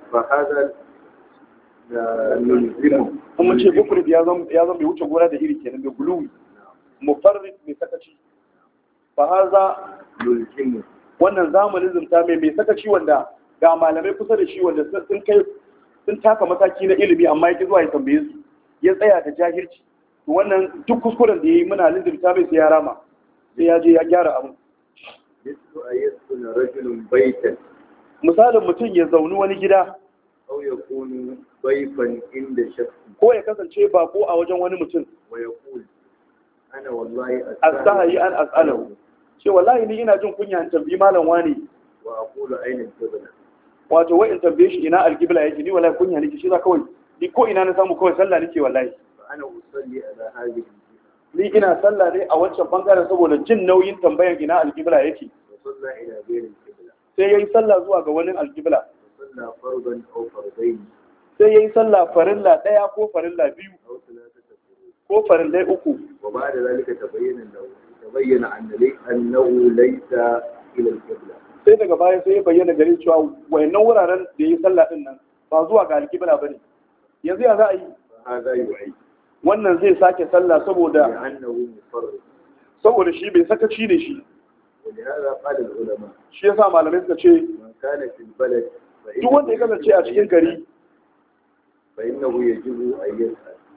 da nulzimu kuma ce bukuri ya zama ya zama bai wuce gona da iri kenan da guluwi mufarri mai sakaci fa hada nulzimu wannan zamanin zumta mai mai sakaci wanda ga malamai kusa da shi wanda sun kai sun taka mataki na ilimi amma yake zuwa ya tambaye su ya tsaya da jahilci wannan duk kuskuren da ya yi muna ta mai sai ya rama sai ya je ya gyara abu misalin mutum ya zauni wani gida ko ya kasance bako a wajen wani mutum astahayi an as'alahu ce wallahi ni ina jin kunya in tambayi malam wani wato wai in tambaye shi ina alqibla yake ni wallahi kunya nake shi za kawai ni ko ina na samu kawai sallah nake wallahi ana usalli ala hadhihi ni ina sallah ne a wancan bangaren saboda jin nauyin tambayan ina alƙibla yake sai ya yi sallah zuwa ga wani alƙibla sai ya yi sallah farilla ɗaya ko farilla biyu ko farillai uku ba da zalika annahu ila sai daga baya sai ya bayyana gare cewa wayannan wuraren da ya yi sallah din nan ba zuwa ga alqibla bane yanzu ya za a yi wannan zai sake sallah saboda saboda shi bai sakaci ne shi shi sa malamai suka ce duk wanda ya kasance a cikin gari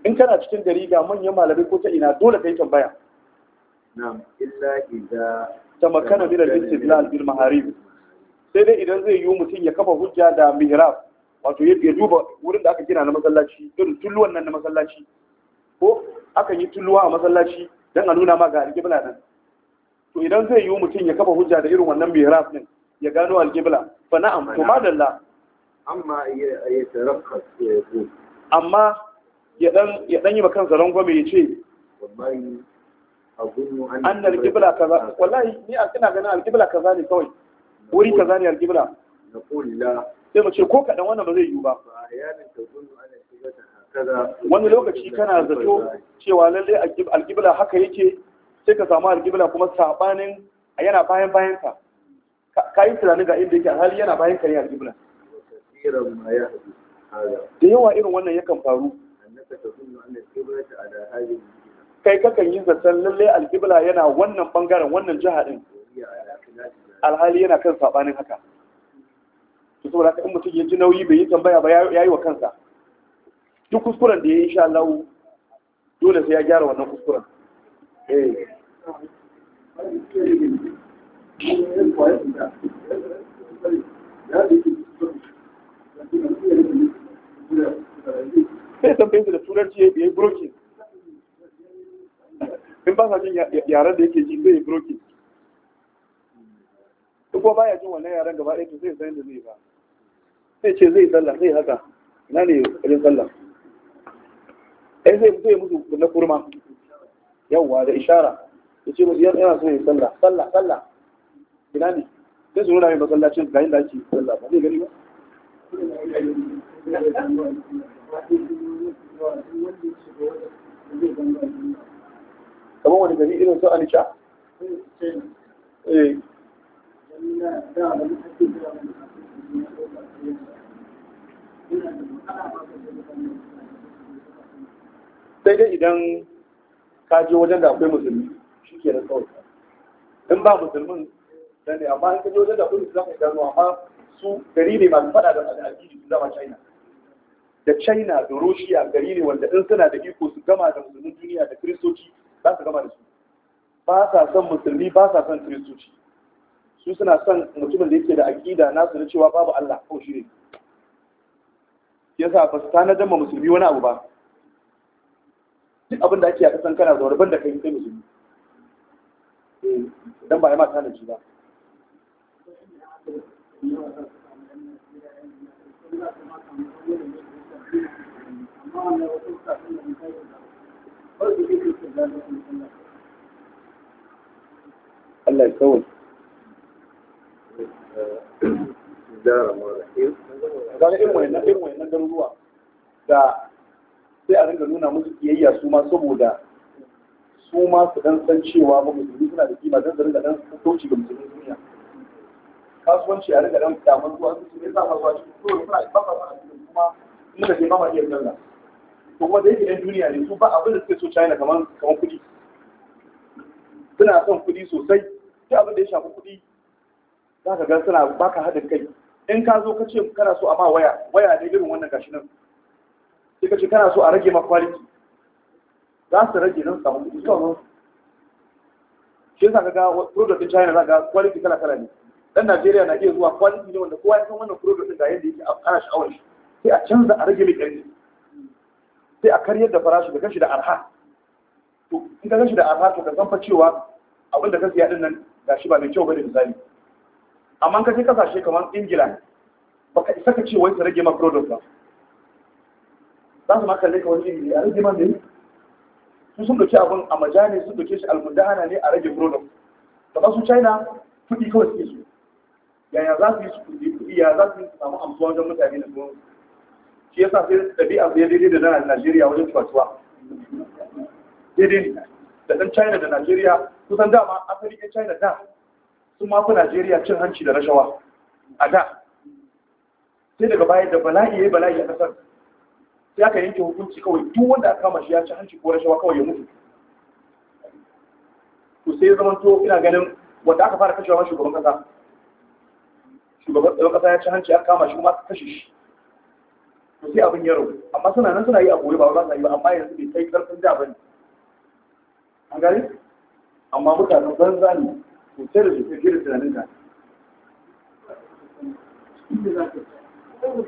in kana cikin gari ga manyan malamai ko ta ina dole ka yi tambaya ta makana mila al na bil maharib sai dai idan zai yiwu mutum ya kafa hujja da mihrab wato ya duba wurin da aka gina na masallaci irin tulluwan nan na masallaci ko aka yi tulluwa a masallaci don a nuna ma ga alƙibla nan to idan zai yiwu mutum ya kafa hujja da irin wannan mihrab din ya gano alƙibla fa na'am to madalla amma ya tarafa amma ya dan ya dan yi makan zaron gome ya ce wallahi alƙibla kaza wallahi ni a kina ganin alƙibla kaza ne kawai wuri kaza ne alƙibla sai mu ce ko kaɗan wannan ba zai yiwu ba wani lokaci kana zato cewa lallai alƙibla haka yake sai ka samu alƙibla kuma saɓanin yana bayan bayan ka ka yi tunanin ga inda yake alhali yana bayan ka yi alƙibla da yawa irin wannan yakan faru kai kakan yi zaton lallai alƙibla yana wannan bangaren wannan jiha din alhali yana kan saɓanin haka to saboda haka in mutum ya ji nauyi bai yi tambaya ba ya yi wa kansa duk kuskuren da ya yi sha lau dole sai ya gyara wannan kuskuren eh sai tambayin da turanci ya yi brokin in ba sa jin yaren da yake ji zai yi brokin duk ba ya jin wannan yaren gaba ɗaya to zai san da zai ba sai ce zai sallah zai haka na ne rin sallah ai zai zai mutu na kurma yawwa da ishara ya ce musu yana so ya yi sallah sallah sallah ina ne sai su nuna mai masallacin ga da ake sallah ba zai gani ba kamar wani gani irin su alisha ee eh. sai dai idan ka je wajen da akwai musulmi shi ke nan kawai in ba musulmin da ne amma in ka je wajen da akwai musulmi za ka amma su gari ne masu fada da al'adini su zama china da china da russia gari ne wanda in suna da iko su gama da musulmin duniya da kiristoci za su gama da su ba sa son musulmi ba sa son kiristoci su suna son mutumin da yake da aƙida nasu na cewa babu allah ko shi ne yasa ba su tanadar ma musulmi wani abu ba duk abin da ake a kasan kana zaune da kai kai musulmi eh, dan ba ya ma tanaji ba Allah ya kawai. Zara mara. Zara garuruwa sai a ringa nuna musu kiyayya su ma saboda su ma su dan san cewa ba musulmi suna da kima dan su ringa dan kauce ga musulmi duniya kasuwanci a ringa dan kyamar zuwa su ne sa zuwa ci to suna ba ba sa cikin kuma in da ce ba ma iya to kuma da yake yan duniya ne su ba abin da suke so China kamar kamar kuɗi suna son kuɗi sosai sai abin da ya shafi kuɗi za ka ga suna baka haɗin kai in ka zo ka ce kana so a ba waya waya ne irin wannan gashi nan ka ce kana so a rage ma kwaliki za su rage nan samu kuɗi kawai shi yasa ka ga product din China za ga quality kala kala ne dan Najeriya na iya zuwa quality ne wanda kowa ya san wannan product din ga yadda yake a kana sha'awar shi sai a canza a rage mai ƙarfi sai a karyar da farashi da kashi da arha to in ka kashi da arha to ka san fa cewa abin da ka siya din nan ga shi ba mai kyau bane misali amma ka je kasashe kamar Ingila baka isa ka ce wai su rage ma product ba za su maka leka wani iri a rage man da yi su sun doke abin a majani sun doke shi almudahana ne a rage product kamar su china kuɗi kawai suke su yaya za su yi su kuɗi kuɗi ya za su yi su samu amsuwa wajen mutane da su shi yasa sai ɗabi'a sai daidai da dana najeriya wajen cuwa daidai ne da ɗan china da najeriya kusan dama asali ɗan china da sun mafi najeriya cin hanci da rashawa a da sai daga baya da bala'i ya yi bala'i a ƙasar sai aka yanke hukunci kawai duk wanda aka kama shi ya ci hanci ko rashawa kawai ya mutu to sai zaman to ina ganin wanda aka fara kashewa shugaban kasa shugaban tsaron kasa ya ci hanci aka kama shi kuma aka kashe shi to sai abin ya rabu amma suna nan suna yi a gobe ba za su yi ba amma yanzu bai kai karfin da bane an gane amma mutanen banza ne sai da su ke da tunanin ka Thank you.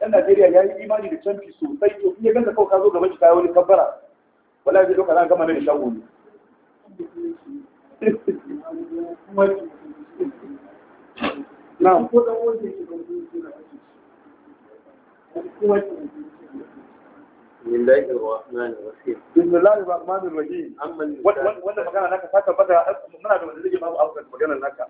ɗan Najeriya ya yi imani da canfi sosai to in ya ganta kawai ka zo gaba shi kayi wani kabbara wala zai doka, zan gama da shago ne. بسم الله الرحمن الرحيم magana naka ta tabbata muna da wanda zai ba mu aukar magana naka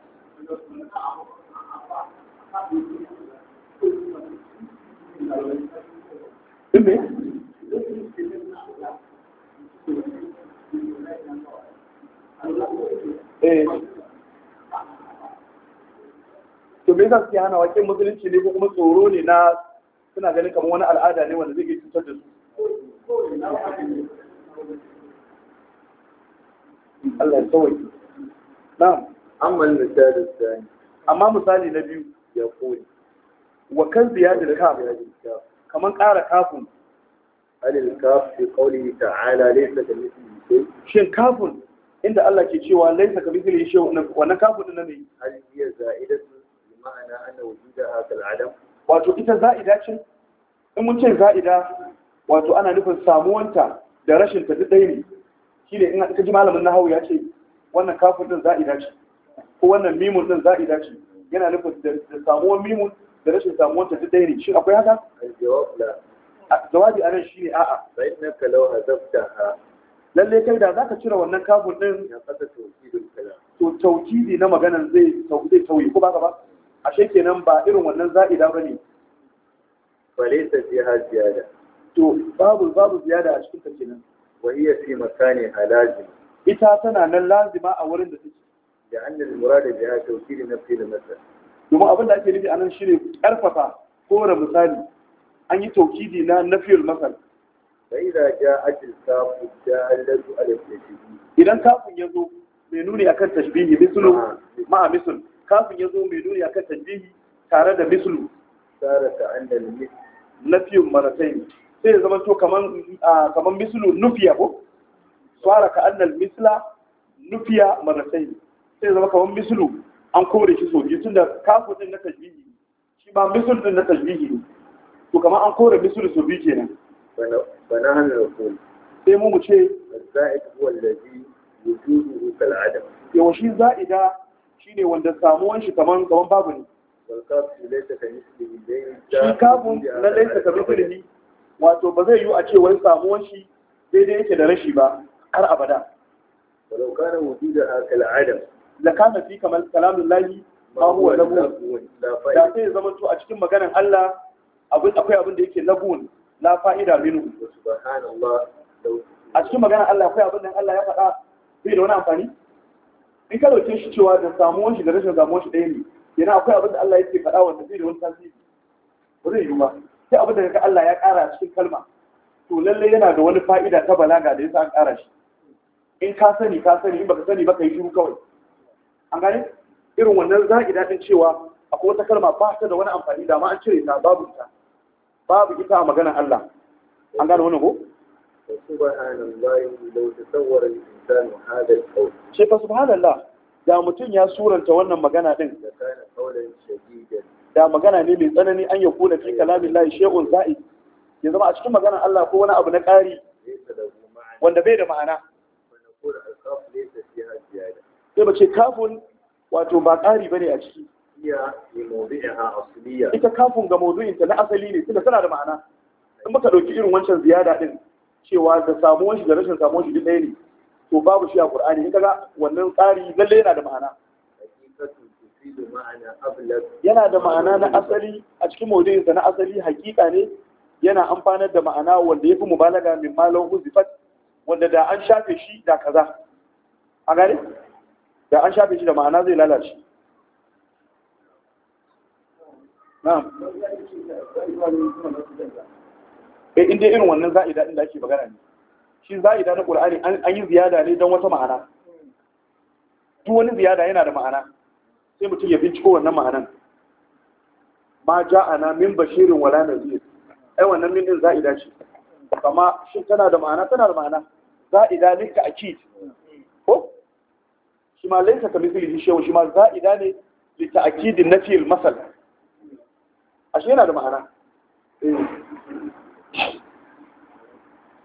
Dime. Eh. To me za su hana wakil musulunci ne ko kuma tsoro ne na suna ganin kamar wani al'ada ne wanda zai iya cutar da su. Allah ya tsawai. da Amma misali tsani. Amma misali na biyu ya koyi. Wa kan ziyadar ka. kamar ƙara kafin alil kafi ta ala laisa ka mithlihi shi kafin inda Allah ke cewa laisa ka mithlihi shi, wannan kafin nan ne hal hiya za'idatu bi ma'ana anna wujudaha kal adam wato ita za'ida ce in mun ce za'ida wato ana nufin samuwanta da rashin ta duk ɗaya ne shine in ka ji malamin nahawu ya ce wannan kafin din za'ida ce ko wannan mimun din za'ida ce yana nufin da samuwar mimun da rashin samuwar ta dai ne shi akwai haka jawabi anan shi ne a'a sai na kalau hazafta lalle kai da zaka cire wannan kafin din ya fata tawkidin kalam to tawkidi na maganan zai zai tauyi ko baka ba ashe kenan ba irin wannan za'ida bane falaysa fiha ziyada to babu babu ziyada a cikin ta kenan wa hiya fi makani halazim ita tana nan lazima a wurin da take da annal murada biha tawkidi nafsi da masal domin abin da ake nufi anan ne karfafa kore misali an yi taukidi na nafiyar nafiyul masal fa idza ja'at al-kafu dalatu ala al-tashbih idan kafin ya zo mai nuni a kan tashbihi mislu ma'a misul. kafin ya zo mai nuni a kan tashbihi tare da mislu tare ka annal misl nafiyun maratayn sai ya zama to kamar kaman mislu nufiya ko tsara ka annal misla nufiya marasai. sai ya zama kamar mislu an kore shi so biyu tunda kafu din na tajbihi shi ma misul din na tajbihi ne to kamar an kore misul so biyu kenan bana hana rasul sai mu mu ce za'id huwa allazi wujuduhu kal adam yawa shi za'ida shine wanda samuwan shi kaman kaman babu ne shi kafin na laisa ka mislihi wato ba zai yiwu a ce wai samuwan shi daidai yake da rashi ba har abada walau kana wujuduha kal adam lakana fi kamar kalamun lahi ma huwa lagun da sai ya zama to a cikin maganan Allah abin akwai abin da yake lagun la fa'ida minhu subhanallah a cikin maganan Allah akwai abin da Allah ya faɗa bai da wani amfani in ka dauke shi cewa da samuwan shi da rashin zamuwan shi ɗaya ne yana akwai abin da Allah yake faɗa wanda bai da wani tasiri ba zai yiwu ba sai abin da ka Allah ya ƙara cikin kalma to lallai yana da wani fa'ida ta balaga da yasa an ƙara shi in ka sani ka sani in baka sani baka yi shiru kawai an gane irin wannan za'i daɗin cewa akwai wata kalma ba ta da wani amfani da ma an cire ta babu ita babu ita a maganar Allah an gane wannan ko shi fa subhanallah da mutum ya suranta wannan magana din da magana ne mai tsanani an ya kuna fi kalamin layi shehun za'i ya zama a cikin maganar Allah ko wani abu na ƙari wanda bai da ma'ana sai mace kafin wato ba ƙari ne a ciki ita kafin ga maudu'inta na asali ne tunda tana da ma'ana in muka ɗauki irin wancan ziyada din cewa da samuwan shi da rashin samuwan shi ɗaya ne to babu shi a ƙur'ani, in kaga wannan tsari lalle yana da ma'ana yana da ma'ana na asali a cikin maudu'insa na asali hakika ne yana amfanar da ma'ana wanda ya fi mubalaga min malau huzifat wanda da an shafe shi da kaza a gare da an shafe shi da ma'ana zai lalace na eh, in inda irin wannan za'ida inda ake magana ne shi za'ida na qur'ani an yi ziyada ne don wata ma'ana tu wani ziyada yana da ma'ana sai mutum ya binciko wannan ma'anan ma ja na min bashirin wala nazir ai wannan min din za'ida ce kama shi tana da ma'ana tana da ma'ana za'ida linka akid shi ma laisa ka mislihi shay'un shi ma za'ida ne li ta'kid nafi al-masal ashe yana da ma'ana eh.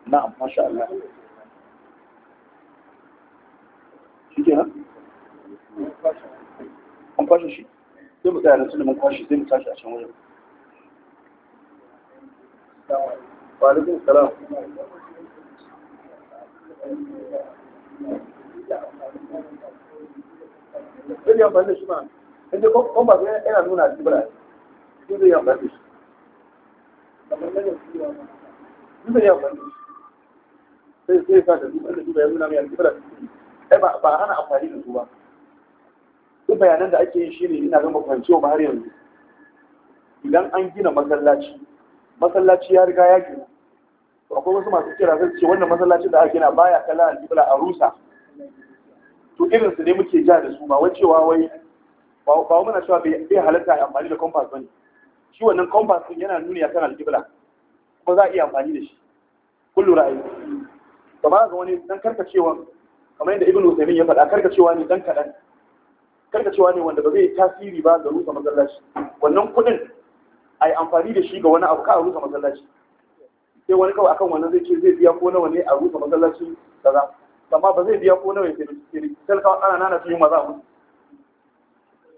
na'am masha Allah shikenan an kwashe shi sai mu tsaya nan tunda mun kwashe sai mu tashi a can wajen wa salam Thank you. zai yi amfani da shi ma inda kwan ba yana nuna shi bura shi zai yi amfani da shi zai yi amfani da shi sai sai sa da duba da duba ya nuna mai alkibra ai ba ba ana amfani da su ba duk bayanan da ake yi shine ina ga mafancewa ba har yanzu idan an gina masallaci masallaci ya riga ya gina akwai wasu masu kira zai ce wannan masallacin da ake na baya kallon alkibra a rusa su irinsu ne muke ja da su ba wai cewa wai ba muna cewa bai halatta a amfani da compass bane shi wannan compass din yana nuni akan alƙibla kuma za a iya amfani da shi kullu ra'ayi ba ma ga wani dan karkacewa kamar yadda ibnu usaymin ya faɗa karkacewa ne dan kadan karkacewa ne wanda ba zai tasiri ba ga rusa masallaci wannan kuɗin a yi amfani da shi ga wani abu ka a rusa masallaci sai wani kawai akan wannan zai ce zai biya ko nawa ne a rusa masallaci kaza amma ba zai biya ko nawa ya fere talakawa ana nana su yi maza mu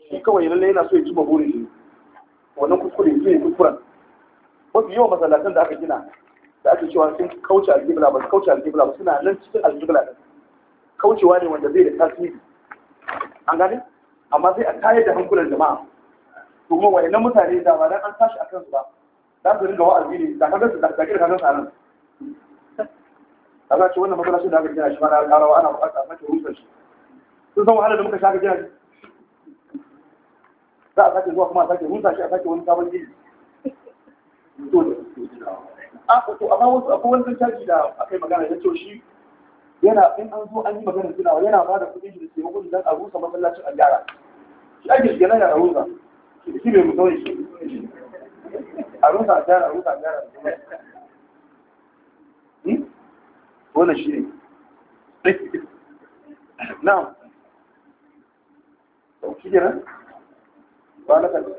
shi kawai lalle yana so ya ci burin shi wannan kuskure shi ne kuskuren wasu yawan masallatan da aka gina da ake cewa sun kauce aljibla ba su kauce aljibla ba suna nan cikin aljibla ɗin kaucewa ne wanda zai da tasiri an gane amma sai a tayar da hankulan jama'a domin na mutane da ba dan an tashi a kansu ba za su ringa wa'azi ne da kan su da kaga su nan a za ce wannan masalacin da aka gina shi mana karawa ana bukata a sake rusa shi sun san wahalar da muka shaka gina shi za a sake zuwa kuma a sake rusa shi a sake wani sabon gini to amma wasu akwai wani caji da aka yi magana ya ce shi yana in an zo an yi magana suna yana ba da kuɗin shi da taimako don a rusa masallacin a gyara shi ake shiga nan yana rusa shi bai musawai shi a rusa a gyara a rusa a gyara wannan shi ne na ɗauki gina ba na ƙarfi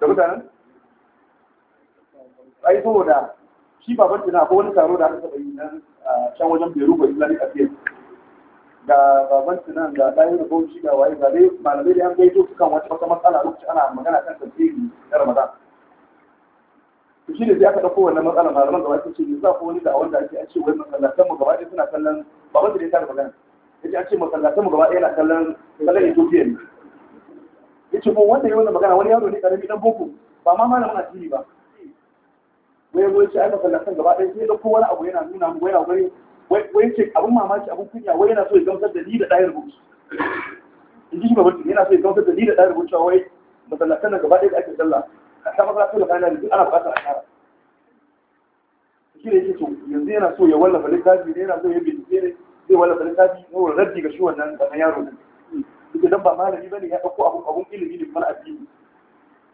da mutanen ai saboda shi babar tana ko wani taro da aka taɓa yi nan can wajen beru ba islamic fiye ga baban sinan ga ɗayan rubuci ga waye ga dai malamai da an gaito su kan wata matsala lokacin ana magana kan tafsiri na ramadan to shi ne sai aka ɗauko wannan matsala malaman gaba ɗaya ce ne za ku wani da wanda ake an ce wai masallatan mu gaba ɗaya suna kallon baban sinan ya tara magana yace an ce masallatan mu gaba ɗaya yana kallon kallon Ethiopia ne ce ko wanda ya wannan magana wani yaro ne karami dan boko ba ma malamin addini ba wai wai ce ai masallatan gaba ɗaya sai ɗauko wani abu yana nuna mu yana wani wai ce abin mamaki abin kunya wai yana so ya gamsar da ni da ɗaya rubutu in ji shugaban yana so ya gamsar da ni da ɗaya rubutu wai masallatan nan gaba ɗaya da ake sallah a ta masallatan da bayan rubutu ana buƙatar asara shi ne yake so yanzu yana so ya wallafa littafi ne yana so ya bincike ne zai wallafa littafi ne wa raddi ga shi wannan wannan yaro ne duk dan ba malami bane ya ɗauko abun abun ilimi ne kuma addini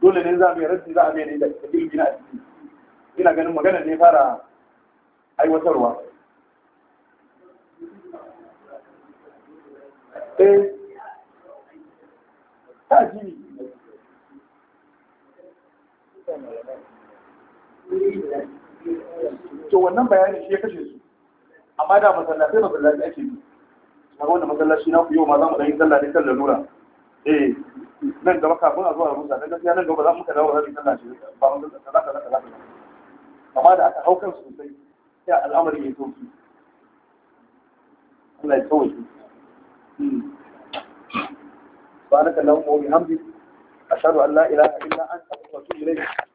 dole ne za mu yi raddi za a mai ne da ilimi na addini ina ganin magana ne fara aiwatarwa Eh. to wannan bayanin shi ya kashe su amma da masallatai masallaci ake yi A wanda masallaci na ku yau ma za mu ɗan yi sallah ne kan lalura eh nan gaba kafin a zuwa rusa dan gaskiya nan gaba za mu ka dawo zafi sallah shi ba da kaza kaza amma da aka hau kansu sosai sai al'amari ya yi su suna kawai su ba na kallon mawai hamdi a shaɗu allah ila a ila an tabbatu ilai